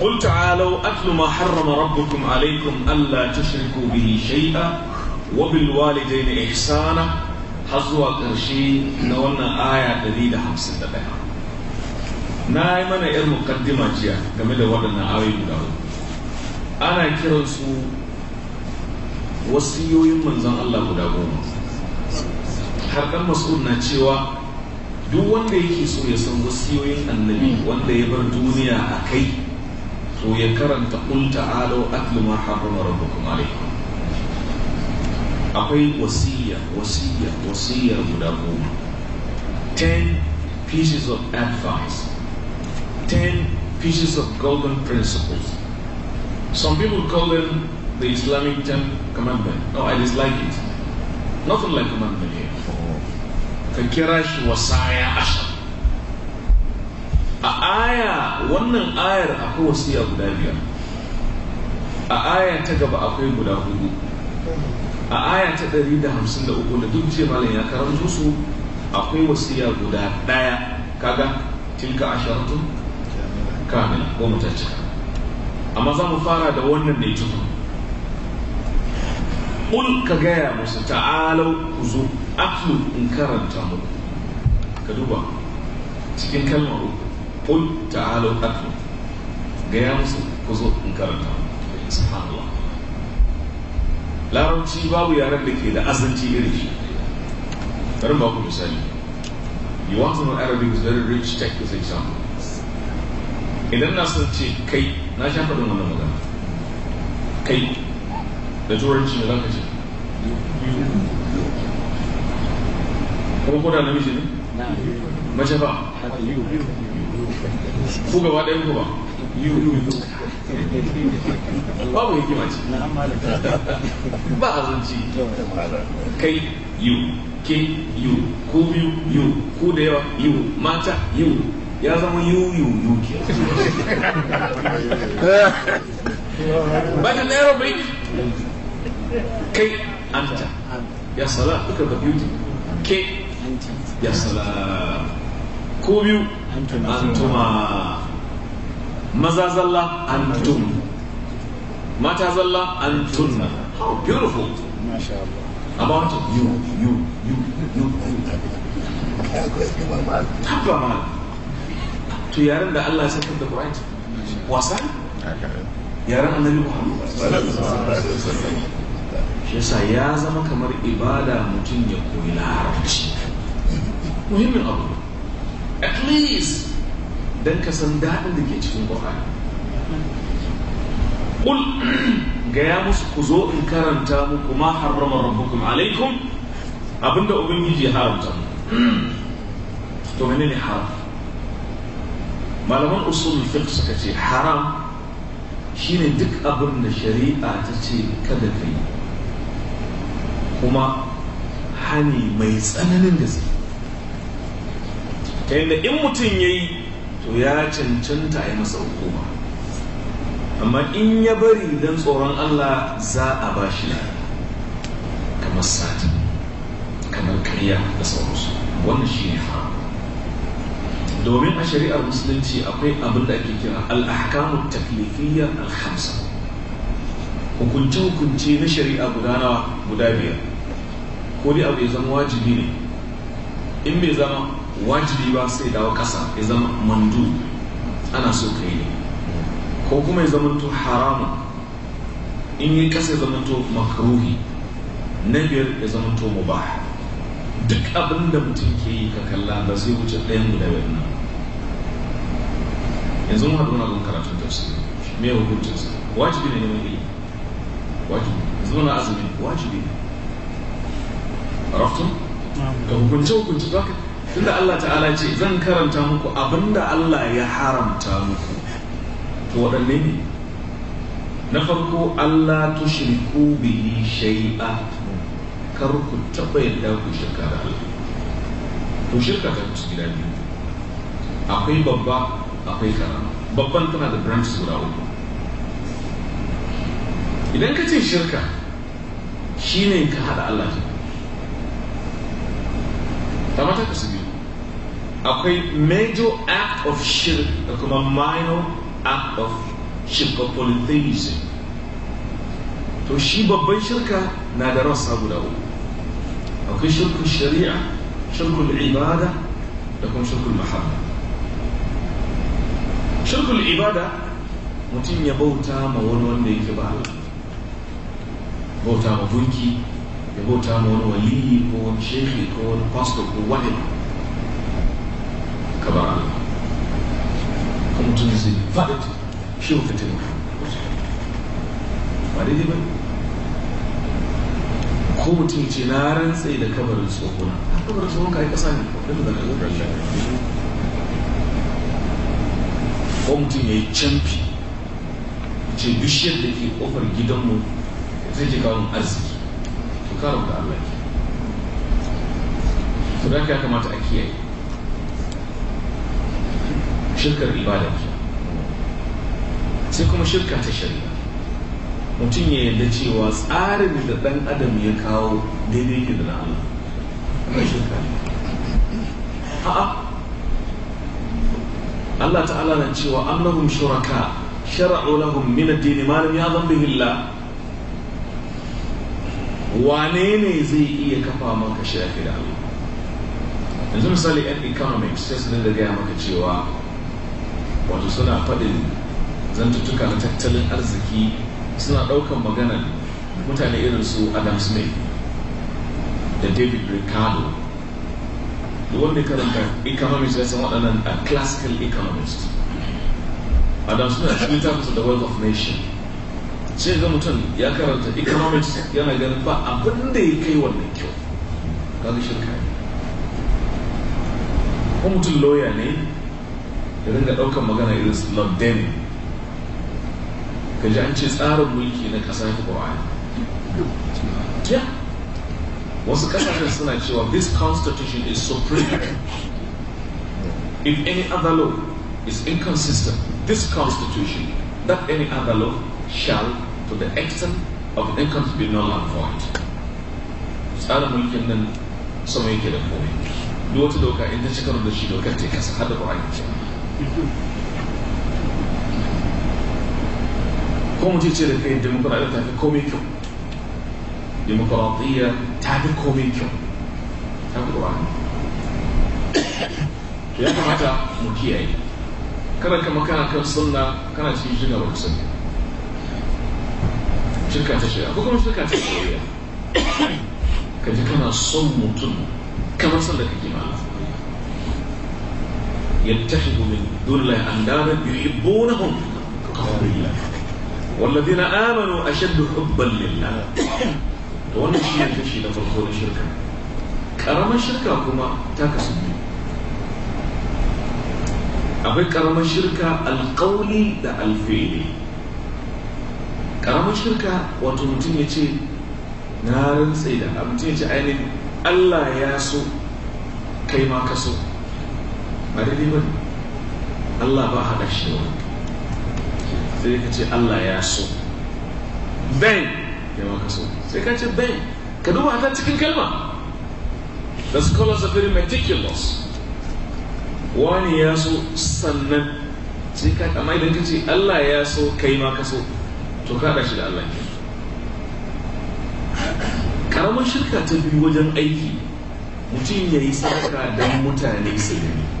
قل تعالوا أتل ما حرم ربكم عليكم ألا تشركوا به شيئا وبالوالدين إحسانا حزوا mana نولنا آية دليل game da نايمنا إر مقدمة جيا Ana دورنا su wasiyoyin أنا Allah وسيو goma. الله دلها حرقا مسؤول cewa duk wanda yake so ya san wasiyoyin annabi wanda ya bar duniya a kai ya karanta qul ta'alu atlu ma harrama rabbukum alaykum akwai wasiya wasiya wasiyar 10 pieces of advice 10 pieces of golden principles some people call them the Islamic 10 commandment no I dislike it nothing like commandment here ka kira shi wasaya a aya wannan ayar akwai wasiya guda biyar a aya ta gaba akwai guda hudu a aya ta ɗari da hamsin da da uku duk ce malin ya karanto su akwai wasiya guda daya kaga tilka asharatu kamila ko ta amma za mu fara da wannan ne tukun kul ka gaya musu ta'alau ku zo atlu in karanta mu ka duba cikin kalmar uku Kul ta'alu atlu gaya musu ku zo in karanta subhanallah larabci babu yaren da ke da asanci irin shi bari ba ku misali you want to know arabic is very rich take this example idan na sun ce kai na sha faɗin wannan magana kai da turanci ne za ka ce kuma ko da namiji ne mace ba ku gaba ɗayan ku ba babu hikima ce ba azanci kai yu ke yu ku biyu yu ku da yawa yu mata yu ya zama yu yu yu ke bayan arabic kai anta ya sala look at the ke ya sala ku biyu antuma ah. maza zalla antum mata zalla antunna how beautiful about you you you you tabba ma to yaran da Allah ya saka da Qur'ani wasa yaran annabi Muhammad shi yasa ya zama kamar ibada mutum ya koyi larabci muhimmin abu at least don ka san daɗin da ke cikin ƙwaƙwani ƙul gaya musu ku zo in karanta muku ma harrama rabbukum alaikum abinda ubangiji ya haramta to ne haram malaman usul fiqh suka ce haram shine duk abin da shari'a ta ce kada ka yi kuma hani mai tsananin gaske ta yadda in mutum ya yi to ya cancanta ya masa hukuma amma in ya bari don tsoron Allah za a ba shi kamar sati kamar karya da sauransu wannan shi ne fa domin a shari'ar musulunci akwai abin da ake kira al'ahkamu taklifiyar alhamsa hukunce-hukunce na shari'a guda nawa guda biyar ko dai abu ya zama wajibi ne in bai zama wajibi ba sai dawo kasa ya zama mandu ana so ka yi ne ko kuma ya zama to haramun in yi kasa ya zama to makaruhi na biyar ya zama to mubah duk abin da mutum ke yi ka kalla ba zai wuce ɗayan guda biyar nan yanzu mu haɗu na karatun tafsir me hukuncin sa wajibi ne neman ilimi wajibi yanzu na azumi wajibi ne rafton ga hukunce hukunce ba ka tunda Allah ta'ala ce zan karanta muku abinda Allah ya haramta muku to waɗanne ne na farko Allah shirku bihi shay'a kar ku taɓa yadda ku shirka da Allah to shirka ta gida biyu akwai babba akwai karama babban tana da branch guda uku idan ka ce shirka shine ka hada Allah ta mata ka su biyu akwai major act of shirk da kuma minor act of shirka polytheism to shi babban shirka na da sabu guda uku akwai shirkul shari'a shirkul ibada da kuma shirkul mahabba shirkul ibada mutum ya bauta ma wani wanda yake ba Allah bauta ma gunki ya bauta ma wani waliyi ko wani shekhi ko wani pastor ko wani kama mutum zai faɗi shi wata tuni ba daidai ba ko mutum ce na rantsai da kabarin tsohona kabarin tsohon ka yi ƙasa ne da da ko mutum ya yi camfi ce bishiyar da ke ƙofar gidanmu zai ji kawo arziki to karo da Allah ke to da ya kamata a kiyaye shirkar ibada sai kuma shirka ta shari'a mutum ya yarda cewa tsarin da ɗan adam ya kawo daidai ke da na Allah kuma shirka ne a'a Allah ta'ala na cewa an lahum shuraka shara'u lahum min ad-din ma lam ya'zam bihi Allah wane ne zai iya kafa maka shafi da Allah yanzu misali yan economics sai su da gaya maka cewa wato suna faɗin zantuttuka na tattalin arziki suna ɗaukan magana mutane irin su adam smith da david ricardo da wanda karanta economist ya san waɗannan a classical economist adam smith shi ta tafasa da wealth of nation sai ga mutum ya karanta economist yana ganin ba abin da ya kai wannan kyau ga shirka ne mutum lawyer ne da ringa daukan magana irin su love ka ji an ce tsarin mulki na ƙasa ta ƙwa'ani wasu kasashen suna cewa this constitution is supreme if any other law is inconsistent this constitution that any other law shall to the extent of incomes be null and void tsarin mulkin nan sama yake da komai duk wata doka in ta cikar da shi dokar ta kasa hada ba a yi Como dicere che democrazia ta fi komai kyau demokradiyya ta fi komai kyau ta fi ƙura'ani to ya kamata mu kiyaye kada kama kana kan sunna kana cikin shirka ba kusa shirka ta shirya ko kuma shirka ta shirya ka ji kana son mutum kamar sanda kake ma Allah يتخذ من دون الله أندادا يحبونهم كحب الله والذين آمنوا أشد حبا لله وأنا شيء كشي لفرخون الشركة كرم الشركة كما تاكسوا أبي كرم الشركة القولي دا الفيلي كرم الشركة وتمتين يتي نار سيدة أمتين يتي عيني الله ياسو كيما كسو ba daidai ba Allah ba haɗa shi ba sai ka ce Allah ya so ben ya maka so sai ka ce ben ka duba ta cikin kalma the scholars are very meticulous wani ya so sannan sai ka amma idan ka ce Allah ya so kai ma ka so to ka haɗa shi da Allah so. karamar shirka ta biyu wajen aiki mutum ya yi sarka don mutane su gani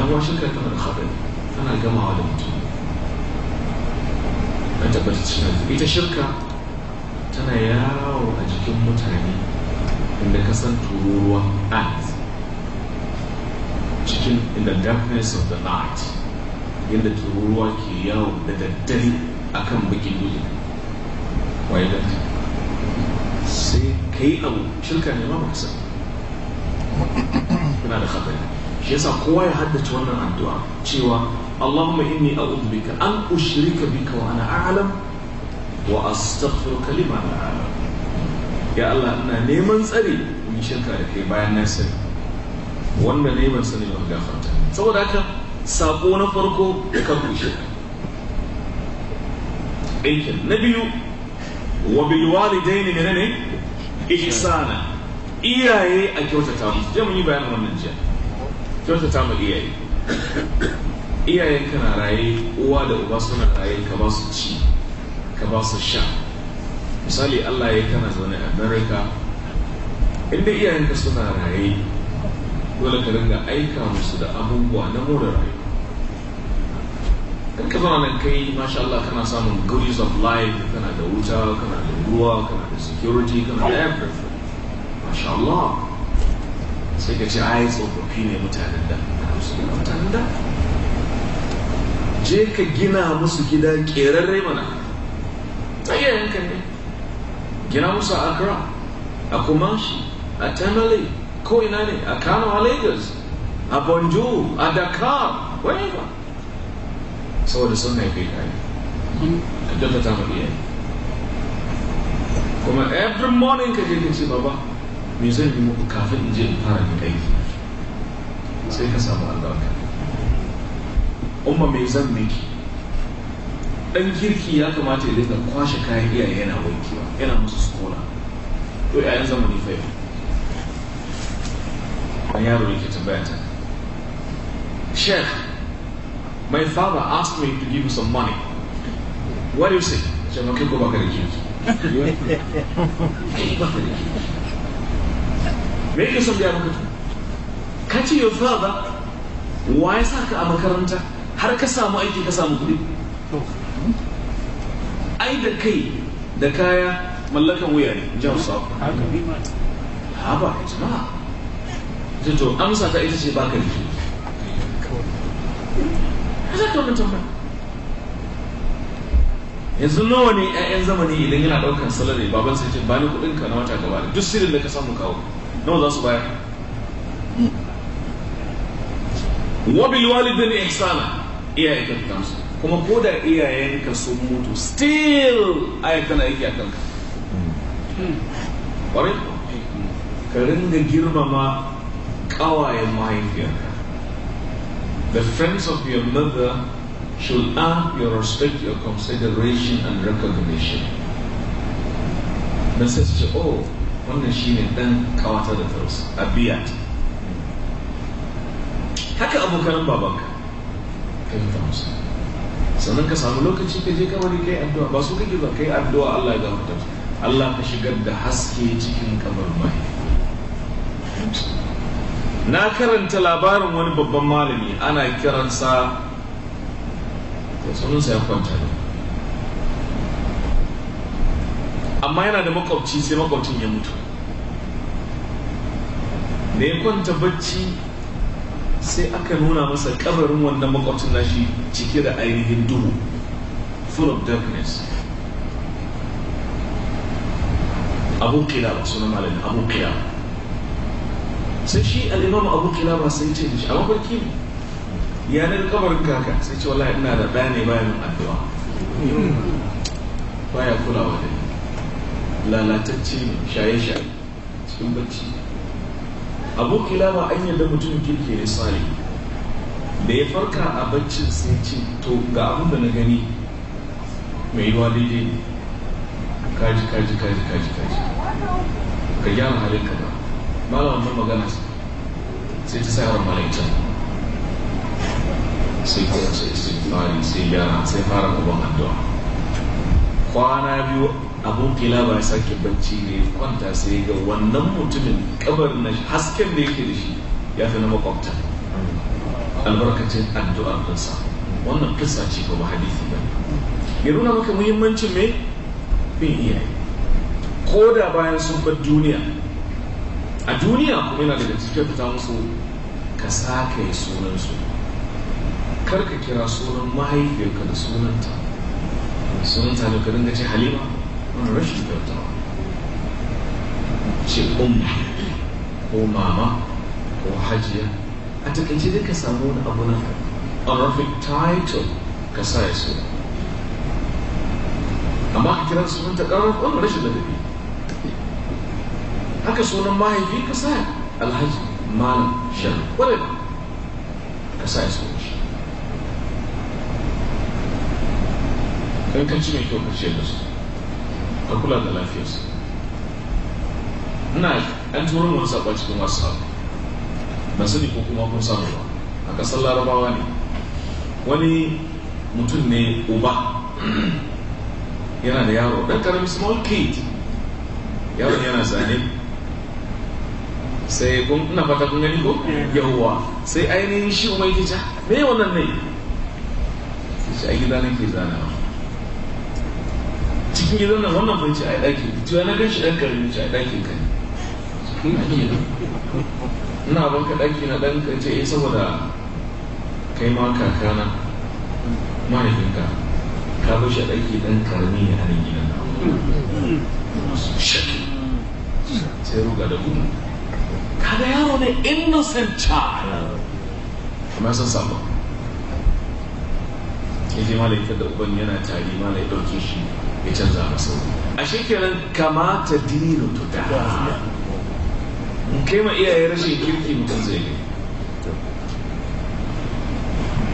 هو شركة الخبر أنا الجماعة علمت أتبرت إذا شركة tana yawo a jikin mutane inda ka san tururuwa at cikin in the darkness of the night yadda tururuwa ke yawo da daddare a kan bakin dutse waye da sai ka yi abu shirka ne ma ba san kuna da haɗari shi yasa kowa ya haddace wannan addu'a cewa Allahumma inni a'udhu bika an ushrika bika wa ana a'lam wa astaghfiruka lima la a'lam ya Allah ina neman tsari mun yi shirka da kai bayan na sani wanda neman sani ban gafarta saboda haka sako na farko da ka kushe aikin na biyu wa bil walidain menene ihsana iyaye a kyautata musu je mun yi bayanin wannan jiya ta ma iyaye iyayen ka na raye uwa da uba suna raye ka ba su ci ka ba su sha misali Allah ya kana zaune a America inda iyayenka suna raye dole ka ringa aika musu da abubuwa na more rayuwa in ka zama nan kai masha Allah kana samun goodies of life kana da wuta kana da ruwa kana da security kana da everything masha Allah sai ka ce ai tsofaffi ne mutanen da mutanen da je ka gina musu gida ƙerarre mana ta iyayenka ne gina musu a accra a kumashi a tamale ko ina ne a kano a lagos a bonjour a dakar ba saboda sun haife ka a ka ta mu kuma every morning ka je ka ce baba me zan yi kafe kafin in je in fara da aiki sai ka samu albarka umma me zan miki dan kirki ya kamata ya kwa kwashe kayan iyaye yana wankewa yana musu skola to yayan zamani fa yau wani sheikh my father asked me to give you some money what do you say ce ma kai ko baka me yake son gaya maka ka ce fa ba wa ya sa ka a makaranta har ka samu aiki ka samu kuɗi ai da kai da kaya mallakan wuya ne jan sa ha ba ka jama'a ta to amsa ta ita ce ba ka ka yanzu nawa ne 'ya'yan zamani idan yana ɗaukar salari baban sai ce bani kuɗinka na wata gaba duk sirrin da ka samu kawo No, that's why. وبالوالدين إحسانا إيه كيف كمس كما كودا إيه ينك سموتو still AI آية كنا إيه كنا ƙwarai ka ringa girmama ƙawayen mahaifiyarka the friends of your mother should earn your respect your consideration and recognition na sai su ce oh wannan shine dan kawata da biya ta haka abokan babanka ka ta musu sannan ka samu lokaci ka je kamar kai addu'a ba su kake ba kai addu'a Allah ya gafarta Allah ka shigar da haske cikin kamar mai na karanta labarin wani babban malami ana kiransa to sunansa ya kwanta ne amma yana da makwabci sai makwabcin ya mutu da ya kwanta bacci sai aka nuna masa kabarin wannan makwabcin nashi cike da ainihin duhu full of darkness abu kila kilaba suna malin abu kilaba sai shi al'imam abu kila ba sai ce da shi a mafarki yanar kabarin kaka sai ce wallahi ina da ɗaya ne bayan addu'a baya kulawa da lalatacce shaye-shaye cikin bacci abu kilama an yadda mutum kirki ne tsari da ya farka a baccin sai ce to ga abin da na gani mai yiwa daidai ne kaji kaji kaji kaji kaji ka gyara halin ka ba da wannan magana sai ta sayar malaita sai kuma sai istighfari sai gyara sai fara gaban addu'a kwana biyu abun ba ya sake bacci ne kwanta sai ga wannan mutumin kabar na hasken da yake da shi ya fi na makwabta albarkacin addu'a kansa wannan kisa ce ba hadisi ba ya nuna maka muhimmancin me bin iyaye ko da bayan sun bar duniya a duniya kuma yana daga cikin fita musu ka sake sunansu kar ka kira sunan mahaifiyarka da sunanta sunanta ne ka dinga ce halima رشد دوتا شي أم هو ماما هو حجية أنت كنت ذي كسامون أبو نفر honorific title كسايا سوى أما كتيرا سوى أنت قرر أم رشد دوتا هكا سوى ما هي في كسايا الحج مال شر ولما كسايا سوى كان كنت ميتوا كشيء بس da kula da lafiyarsa ina an turo wani sako cikin whatsapp ba sani ko kuma kun samu ba a ƙasar larabawa ne wani mutum ne uba yana da yaro ɗan karamin small kid yaron yana zane sai kun ina fata kun gani ko yawwa sai ainihin shi umar gija ah, me wannan ne shi a gida nake zanawa cikin gidan nan wannan bai ce a ɗakin ki tuwa na gan shi ɗan karami ce a ɗakin ka ne. ina ban ka ɗaki na ɗan ka ce eh, saboda kai ma kakana mahaifinka ka bar shi a ɗaki ɗan karami ne a nan gidan sai ruga da gudu kaga yaro ne innocent child kamar sun samu ya je malai da uban yana tari malai ɗauke shi ya canza masa a shekaran kamata dinu to da kai ma iyaye rashin kirki mutum zai ne.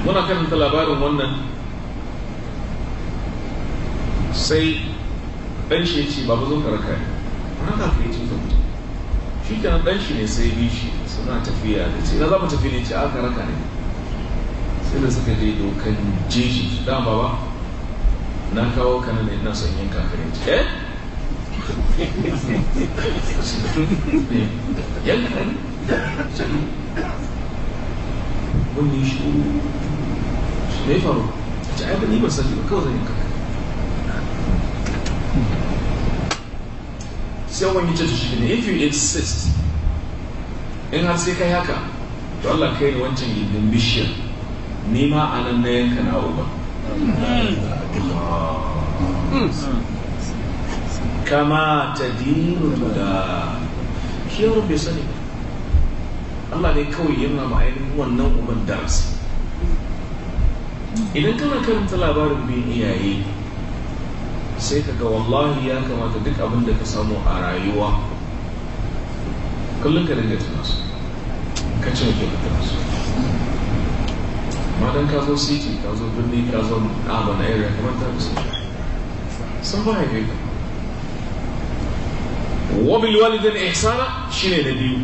muna karanta labarin wannan sai ɗan shi ce ba zo karka ne ba ka fi yi zama shi kenan ɗan shi ne sai bi shi suna tafiya da ce na za mu tafi ne ce aka raka ne sai da suka je dokan jeji dama ba na kawo ka ne ina son yin kafirin eh yanka wani shi ne faru a ci aibani ba sani ba kawai zan kafirin sai wani ce ta shi ne if you insist in har sai kai haka to Allah kai ne wancan gindin bishiyar ni ma anan na yanka na uba hmm. kama ta dinu da kiyarun bai Allah ne kawai yana ma'ainihin wannan umar darasi idan kana karanta labarin bin iyaye sai ka ga wallahi ya kamata duk abin da ka samu a rayuwa kullum ka dinga tuna ka ce ka tuna amma dan ka zo city ka zo birni ka zo urban area kamar ta kusa sun ba ya ka wabil walidan ihsana shine na biyu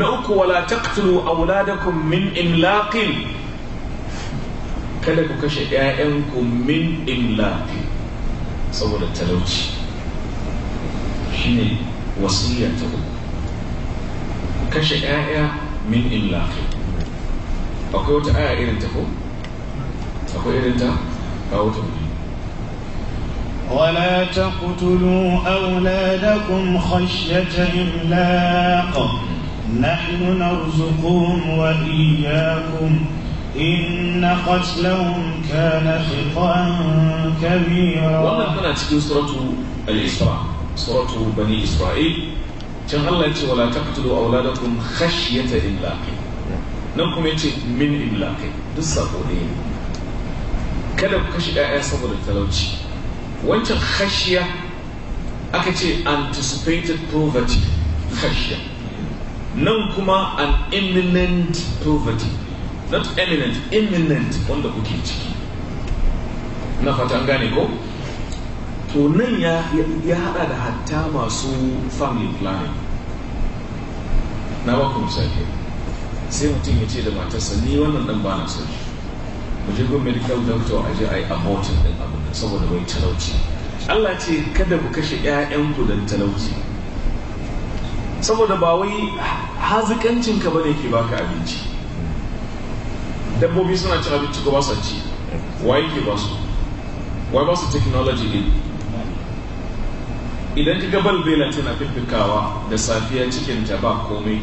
na uku wala taqtulu auladakum min imlaqin kada ku kashe 'ya'yanku min imlaqin saboda talauci shine wasiya ta uku kashe 'ya'ya min imlaqin akwai wata aya irin ta ko akwai irin ta kawo ta ولا تقتلوا أولادكم خشية إملاق نحن نرزقهم وإياكم إن قتلهم كان خطأ كبيرا وما كانت في سورة الإسراء سورة بني إسرائيل تغلت ولا تقتلوا أولادكم خشية إملاق nan kuma ya ce min imlaqi duk sako ne kada ku kashe ɗaya saboda talauci wancan hashiya aka ce anticipated poverty hashiya nan kuma an imminent poverty not eminent imminent wanda kuke ciki na fata an gane ko to nan ya haɗa hada da hatta masu family planning na ba ku misali sai mutum ya ce da matarsa ni wannan dan bana so mu je gun medical doctor a je a yi abortion din abu saboda bai talauci Allah ce kada ku kashe ku dan talauci saboda ba wai hazikancin ka bane ke baka abinci dabbobi suna cin abinci ko ba su ci waye ke ba su wai ba su technology din idan ka ga bela tana fiffikawa da safiya cikin ta ba komai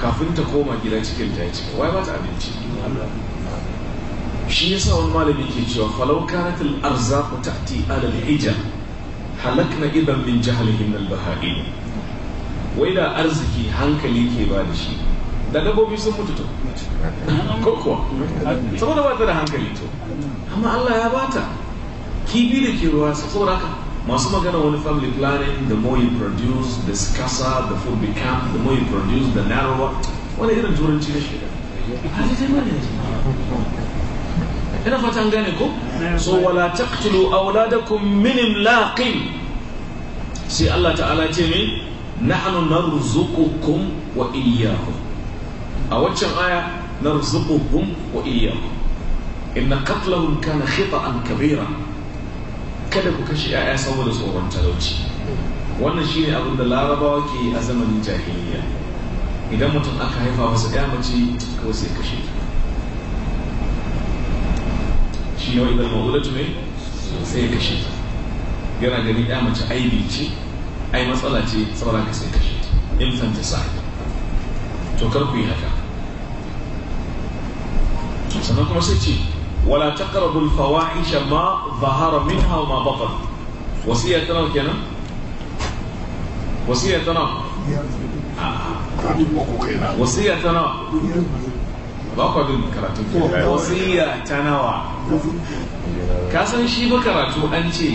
kafin ta koma gida cikin ta cika wai ba ta abinci shi yasa wani malami ke cewa falau kanat arzaku arzaqu ta'ti ala al hija halakna idan min jahlihim al baha'in wai da arziki hankali ke ba da shi da dabbobi sun mutu to ko kuwa saboda ba ta da hankali to amma Allah ya bata kibi da ke ruwa saboda haka masu magana wani family planning the more you produce the scarcer the food become the more you produce the narrower wani irin turanci ne shiga ina fata an gane ko so wala taqtulu awladakum min imlaqin sai Allah ta'ala ce min nahnu narzuqukum wa iyyahum a waccan aya narzuqukum wa iyyahum inna qatlahum kana khita'an kabira kada ku kashe 'ya'ya saboda tsoron talauci wannan ne abin da larabawa ke a zamanin jahiliya idan mutum aka haifa wasu ya mace kawai sai kashe ta shi ne idan ma'ulatu ne sai ya kashe ta yana gani ya mace aibi ce ai matsala ce saboda ka sai kashe ta infanticide to kar ku yi haka sannan kuma sai ce wala taqrabul fawahisha ma zahara minha wa ma batan wasiya tana kenan wasiya tana wasiya tana ba ku bin karatu wasiya tana wa ka san shi ba karatu an ce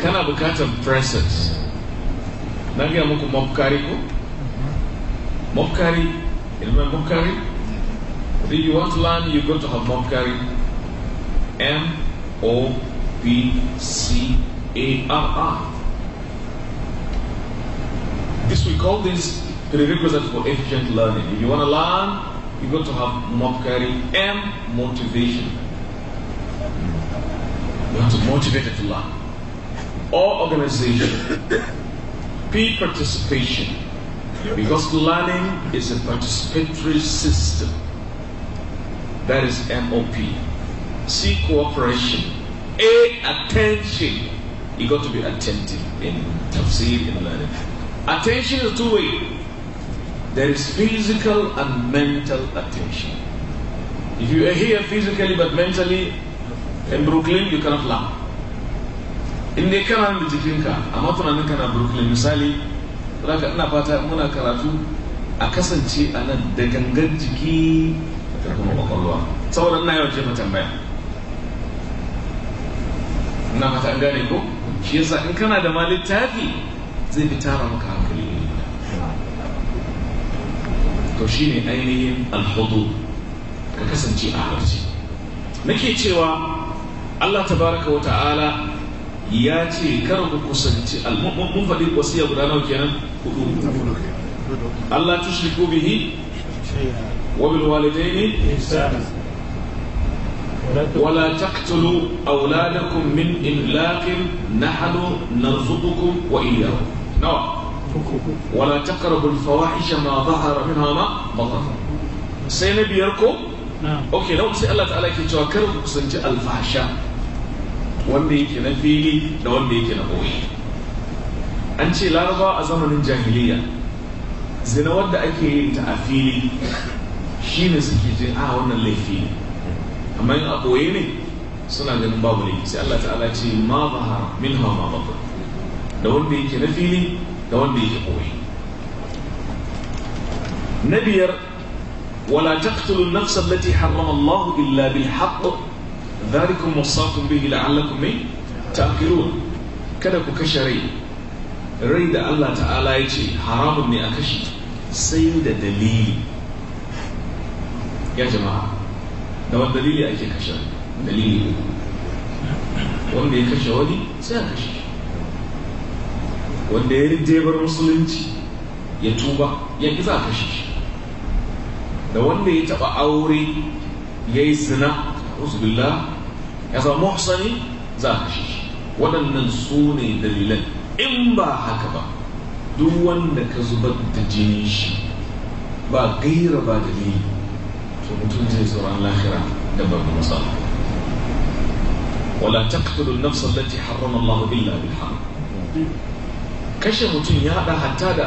kana bukatar presence na gaya muku mafkari ko mafkari ilmin mafkari If you want to learn, you go to Hamokari. M O P C A R R. This we call this prerequisite for efficient learning. If you want to learn, you got to have Mokari M motivation. You have to motivate it to learn. Or organization. P participation. Because learning is a participatory system. That is MOP. C, cooperation. A, attention. You got to be attentive in tafsir, in learning. Attention is two way. There is physical and mental attention. If you are here physically but mentally in Brooklyn, you cannot learn. in dai kana da jikinka amma tunanin kana brooklyn misali zaka ina fata muna karatu a kasance a nan da jiki da kuma kwakwalwa saboda na yau jefa tambaya ina fata an gane ko shi yasa in kana da ma tafi zai fi tara maka hankali to shine ainihin alhudu ka kasance a harshe nake cewa Allah tabaraka wa ta'ala ya ce kar ku kusanci mun faɗi wasiya guda nawa kenan hudu Allah tushriku bihi وبالوالدين إحسانا ولا تقتلوا أولادكم من إملاق نحن نرزقكم وإياهم نعم ولا تقربوا الفواحش ما ظهر منها ما بطن سينا بيركو نعم أوكي لو سي الله تعالى كي توكر سنج الفحشاء wanda yake na fili da wanda yake na boye an ce laraba a zamanin jahiliya zina wadda ake yin ta a fili shi ne suke jin a ah, wannan laifi ne amma in a ɓoye ne suna ganin babu laifi sai Allah ta'ala ce ma baha min hawa ma da wanda yake na fili da wanda yake ɓoye na biyar wala taqtulu an-nafs allati harrama Allah illa bil haqq dhalikum wasaqum bihi la'allakum ta'qilun kada ku kashe rai rai da Allah ta'ala ya ce haramun ne a kashe sai da dalili ya jama'a da wani dalili ake kashe dalili wanda ya kashe wani sai a kashe wanda ya jebar musulunci ya tuba ya ƙi za a kashe shi da wanda ya taɓa aure ya yi zina uzubillah ya zama muhsani za a kashe shi waɗannan su ne dalilan in ba haka ba duk wanda ka zubar da jini shi ba gaira ba da dalili to mutum zai tsoron lahira da babu matsala wala taqtulu an-nafs allati harrama Allah illa bil kashe mutum ya haɗa hatta da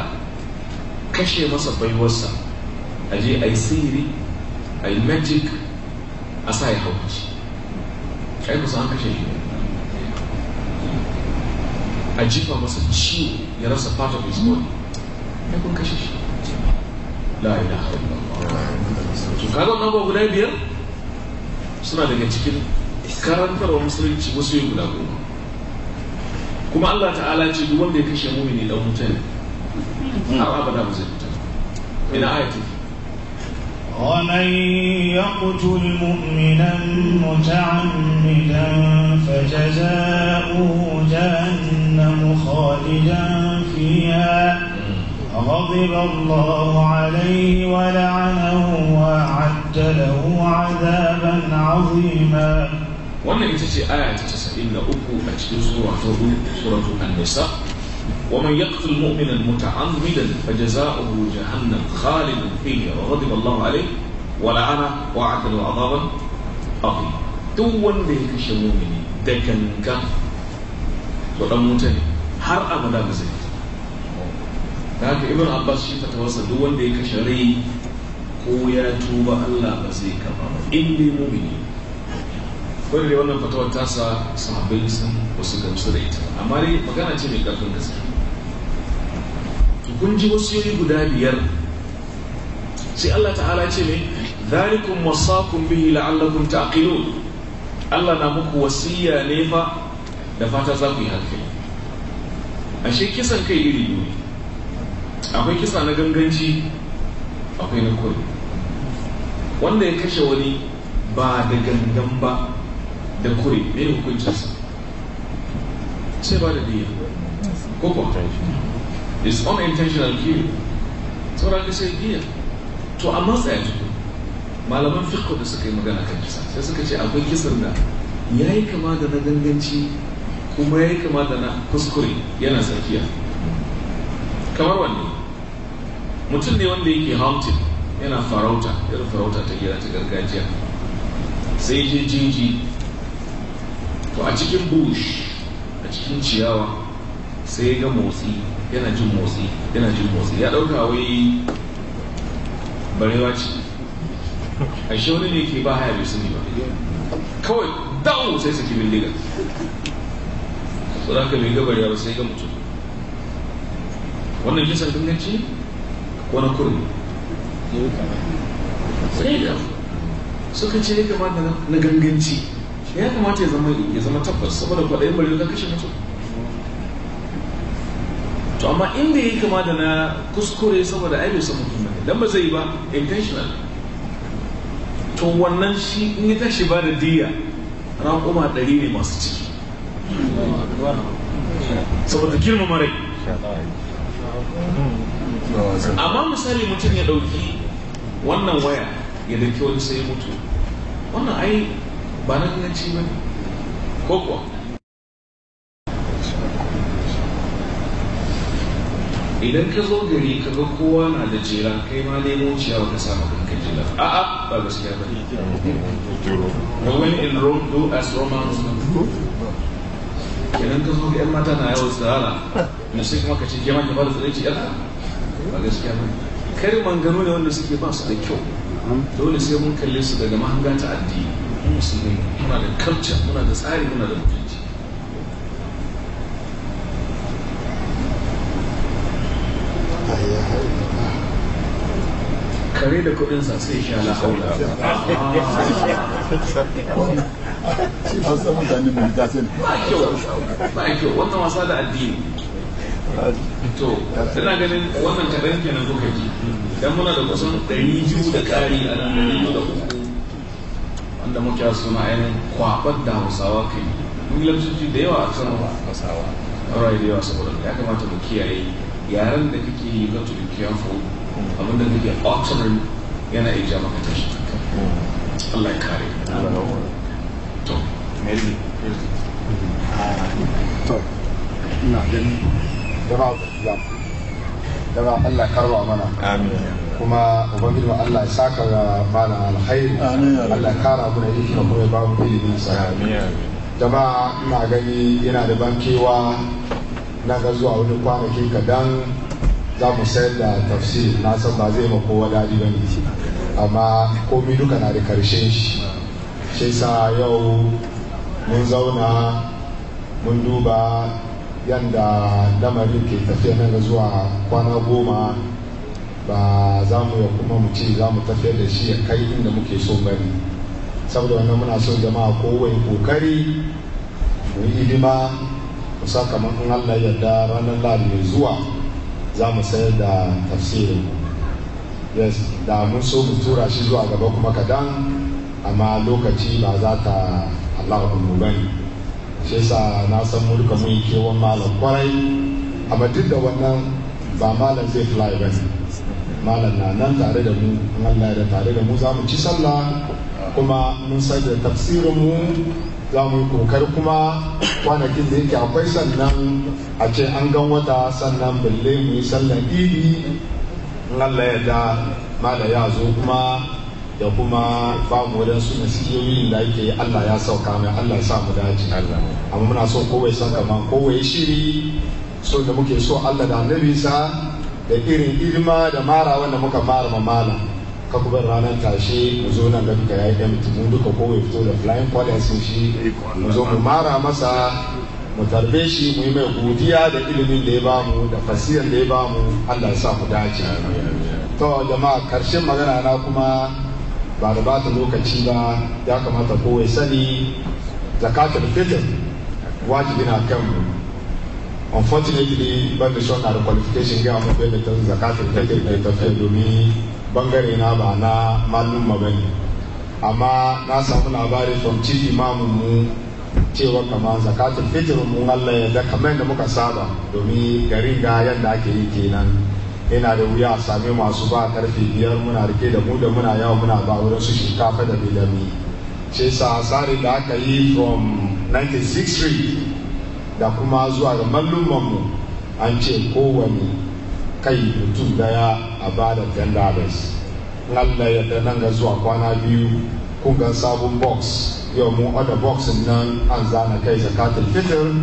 kashe masa baiwarsa a je a yi sihiri a yi magic a sa ya haukaci kai kusa an kashe shi a jifa masa ciwo ya rasa part of his body ya kun kashe shi la ilaha illallah su kaga wannan guda biyar suna daga cikin wa musulunci wasu yin guda goma kuma Allah ta'ala ce duk wanda ya kashe mumini dan wuta ne har abada ba zai fita ina ayati ومن يقتل مؤمنا متعمدا فجزاؤه جهنم خالدا فيها غضب الله عليه ولعنه وأعد له عذابا عظيما وانا يتسي آية تسألنا أكو أجل سورة سورة النساء ومن يقتل مؤمنا متعمدا فجزاؤه جهنم خالد فيه وغضب الله عليه ولعنه وأعد له عذابا عظيما دون ذلك الشمومين دكنك ودموتني هر أبدا بزيك da haka ibn abbas shi fatawarsa duk wanda ya kashe rai ko ya tuba allah ba zai kafa ba in ne mumini da wannan fatawar tasa sahabbai sun wasu gamsu da ita amma dai magana ce mai karfin gaske kun ji wasu yi guda biyar sai allah ta'ala ce ne zalikum wasakum bihi la'allakum ta'qilun allah na muku wasiya ne fa da fata za ku yi hankali ashe kisan kai iri ne akwai kisa na ganganci akwai na kuri wanda ya kashe wani ba da gangan ba da kuri ne hukuncinsa sai ba da diya ko ko is unintentional kill sauran ka sai diya to a matsaya tuku malaman fikko da suka yi magana kan kisa sai suka ce akwai kisan da ya yi kama da na ganganci kuma ya yi kama da na kuskure yana tsakiya kamar wanne mutum ne wanda yake haunted yana farauta irin farauta ta gida ta gargajiya sai je jinji to a cikin bush a cikin ciyawa sai ga motsi yana jin motsi yana jin motsi ya ɗauka wai barewa ce ashe wani ne ke ba haya bai sani ba kawai dawo sai saki bindiga da ka mai gabar yawa sai ga mutum wannan kisan ganganci Wani na kurmi sai da suka ce ya kamata na ganganci ya kamata ya zama ya zama tabbas saboda kwaɗayin bari ka kashe mutum to amma inda ya kama da na kuskure saboda ai bai san mutum ba dan ba zai ba intentional to wannan shi in ya tashi ba da diya raƙuma ɗari ne masu ciki saboda girmama rai amma misali mutum ya ɗauki wannan waya ya dauki wani sai mutu wannan ai ba na ganci ba ne ko kuwa idan ka zo gari ka ga kowa na da jera kai ma nemo ciyawa ka samu kanka jera a'a ba gaskiya ba ne women in rome do as romans idan ka zo ga yan mata na yau, tsara na sai kuma ka ce ke ma ki fara tsare ci ba gaskiya ba karin manganu ne wanda suke ba su da kyau dole sai mun kalle su daga mahanga ta addini musulmi muna da culture muna da tsari muna da mutunci kare da kudin sa sai sha la haula ah. ba kyau wannan wasa da addini to ina ganin wannan kadan kenan kuka ji dan muna da kusan ɗari biyu da ƙari a nan ɗari biyu da uku wanda muke suna ainihin kwaɓar da hausawa kai mun lamsoci da yawa a kan hausawa ƙwarai da yawa saboda ya kamata mu kiyaye yaren da kake yi ka to be careful abin da kake altering yana iya ja maka tashi Allah ya kare to Na ganin jama'ar islam jama'a Allah karba mana kuma ubangiji ma Allah ya saka ga mana alkhairi Allah kara mana ilimi kuma ya ba mu ilimin jama'a ina gani yana da bankewa na ga zuwa wani kwanaki kadan za mu sayar da tafsir na san ba zai ma kowa daji ba ne amma komi duka na da karshen shi shi sa yau mun zauna mun duba yadda lamarin ke tafiya na ga zuwa kwana goma ba za mu ya kuma mu ce za mu tafiya da shi ya kai inda muke so bari saboda wannan muna son jama'a kowai kokari mu yi hidima mu sa kamar in Allah yarda ranar lahadi mai zuwa za mu sayar da tafsirin yes da mun so mu tura shi zuwa gaba kuma kadan amma lokaci ba za ta Allah mu bane shi yasa na san mu duka mun yi kewan malam kwarai a duk da wannan ba malam zai fly ba ne malam na nan tare da mu in Allah da tare da mu za mu ci sallah kuma mun san da tafsirin mu za mu yi kokar kuma kwanakin da yake akwai sannan a ce an gan wata sannan balle mu yi sallan idi Allah ya da malam ya zo kuma da kuma ba mu wadansu nasiyoyin da ake Allah ya sauka mai Allah ya sa mu dace amma muna so kowai san kama kowai shiri so da muke so Allah da annabinsa da irin ilma da mara wanda muka mara mamala ka kuma ranar tashe mu zo nan da duka yayi empty mu duka kowai fito da flying colors shi mu zo mu mara masa mu tarbe shi mu yi mai godiya da ilimin da ya bamu da fasiyan da ya bamu Allah ya sa mu dace to jama'a karshen magana na kuma ba da ba bata lokaci ba ya kamata kowai sani zakatul fitr wajibi na kan unfortunately ban da shon na da qualification ga mu da ta zakatul fitr da ta fi domin bangare na ba na malum ma bane amma na samu labari from chief imam mu cewa kama zakatul fitr mu Allah ya da kamar da muka saba domin garin ga yadda ake yi kenan yana da wuya a same masu ba karfe biyar muna rike da mu da muna yawa muna ba wurin su shinkafa da bilami ce sa tsari da aka yi from 96 street da kuma zuwa ga mu an ce kowane kai mutum daya a ba da ten dollars Allah ya nan ga zuwa kwana biyu kun ga sabon box yau mu order box nan an zana kai zakatul fitr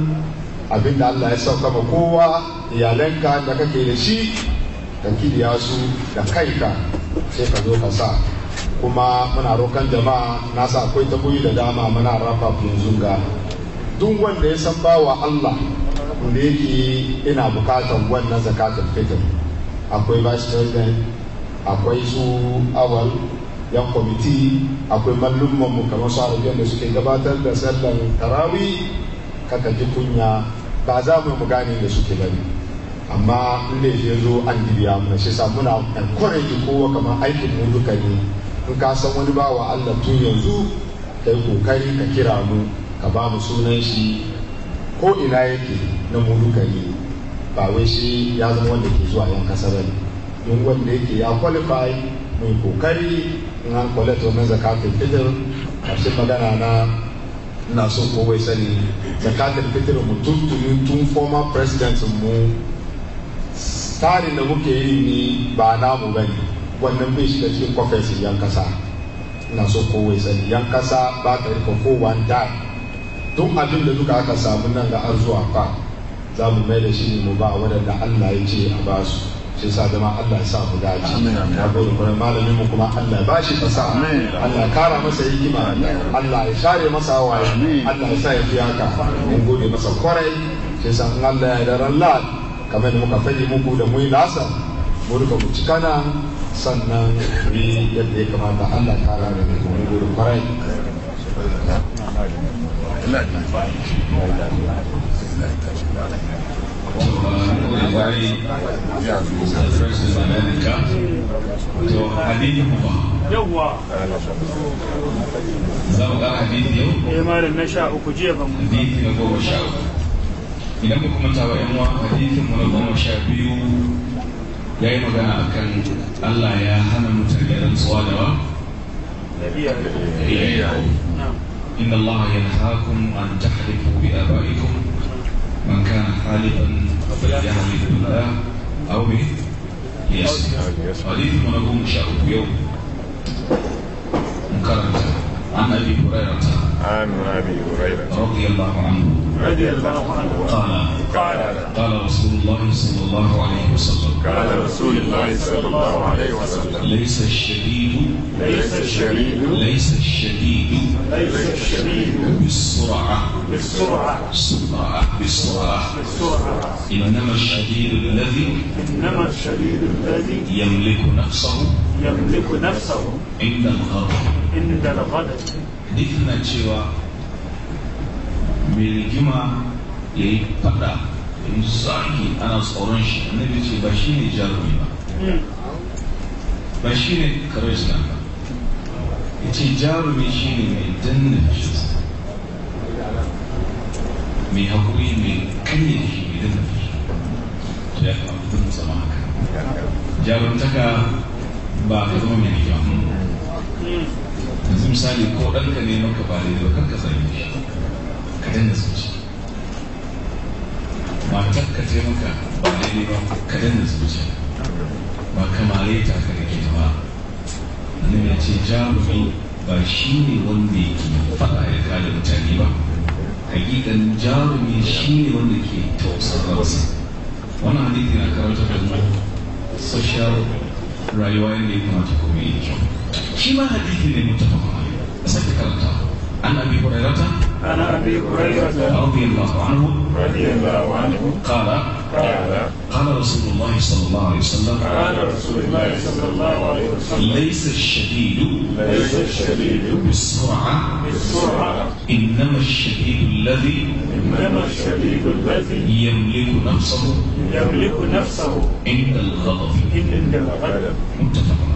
abinda Allah ya sauka ma kowa iyalanka da kake da shi ka da su da kaita sai ka zo ka sa kuma muna rokan jama'a na sa akwai tabuyi da dama muna rafa yanzu ga duk wanda ya san bawa Allah wanda yake ina bukatan wannan zakatun fitr akwai vice president akwai su awal yan kwamiti akwai mallumman mu kamar su arabiyan da suke gabatar da sallar tarawi ka ji kunya ba za mu gane da suke bari amma in da ya zo an dibiya muna shi sa muna encourage kowa kamar aikin mu duka ne in ka san wani bawa Allah tun yanzu yi kokari ka kira mu ka ba mu sunan shi ko ina yake na mu ne ba wai shi ya zama wanda ke zuwa yan kasa ne don wanda yake ya qualify mai kokari in an kwalata wannan zakatun fitr ƙarshen magana na ina so kowai sani zakatun fitar mu mutum tun former president mu tsarin da muke yi ni ba na ba ne wannan bai shiga cikin kwafensi yan kasa ina so kowai sani yan kasa ba ta rika kowan da tun abin da duka aka samu nan ga an zuwa fa za mu mai da shi ne mu ba waɗanda allah ya ce a ba su shi sa zama allah ya sa mu dace ya gode kuma malamin mu kuma allah ba shi fasaha allah ya kara masa hikima allah ya share masa waye allah ya sa ya fi haka mun gode masa kwarai shi sa allah ya daren lal. kamar da muka fayi muku da mu yi nasa mu rika mu cikana sannan mu yi yadda ya kamata Allah ta rara da mu gurin farai yawwa za mu ga hadisi yau? eh malam na sha uku jiya ba mu hadisi na goma sha uku idan ba kuma tawa yan uwa hadisin mu na goma sha biyu ya yi magana akan Allah ya hana mutane rantsuwa da wa إن الله ينهاكم أن تحلفوا بآبائكم من كان حالفا فليحلف بالله أو به حديث من أبو مشاء يوم مكرمة عن أبي هريرة عن ابي هريره رضي الله عنه رضي الله عنه قال قال قال رسول الله صلى الله عليه وسلم قال رسول الله صلى الله عليه وسلم ليس الشديد ليس الشديد ليس الشديد ليس الشديد بالسرعه بالسرعه بالسرعه بالسرعه انما الشديد الذي انما الشديد الذي يملك نفسه يملك نفسه عند الغضب عند الغضب hadith na cewa mai rigima ya yi fada ya yi sa'aki ana tsoron shi annabi ce ba shi ne jarumi ba ba shi ne karisma ba ya ce jarumi shi ne mai danna shi mai haƙuri mai kanye shi mai danna shi to ya kama duk zama haka jarumtaka ba ka zama mai rigima yanzu misali ko ɗanka ne maka ba da ba kanka yi ka danna zuci matar ka ce maka ba daidai ba ka danna zuci ba kamare ta ka rike ba Wani ya ce jarumi ba shi ne wanda ke faɗa ya kada mutane ba hakikan jarumi shi ne wanda ke tausararsa wannan hadithi na karanta da mu social rayuwa yadda ya kamata kuma yi kyau shi ma hadisi ne mutafakun alaihi sai عن ابي هريره عن ابي هريره رضي الله عنه رضي الله عنه قال قال قال رسول الله صلى الله عليه وسلم قال رسول الله صلى الله عليه وسلم ليس الشديد ليس الشديد بالسرعه بالسرعه انما الشديد الذي انما الشديد الذي يملك نفسه يملك نفسه عند الغضب عند الغضب متفق عليه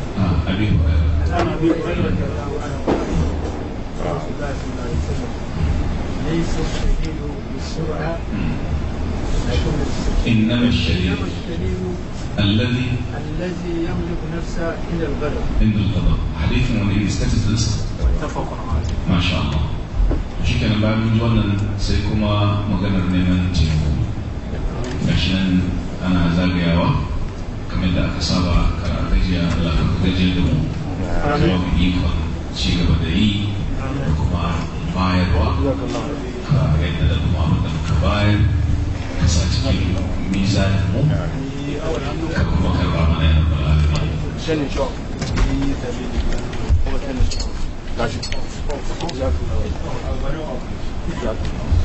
أبي هريرة الله ليس الشديد بالسرعة إنما الشديد الذي الذي يملك نفسه إلى الغلب عند القضاء حديث من يستفز الرزق اتفق ما شاء الله shikenan كان بعد ji سيكما sai kuma maganar عشان أنا gashi بيا ana zagayawa kamar كرا gajiya Allah ka gajiya da mu zuwa mu ikon ci gaba da yi da kuma bayarwa ka yadda da kuma abin da muka bayar ka sa cikin mizanin mu ka kuma karɓa mana yana bala'ala. Shanin shop. Gashi.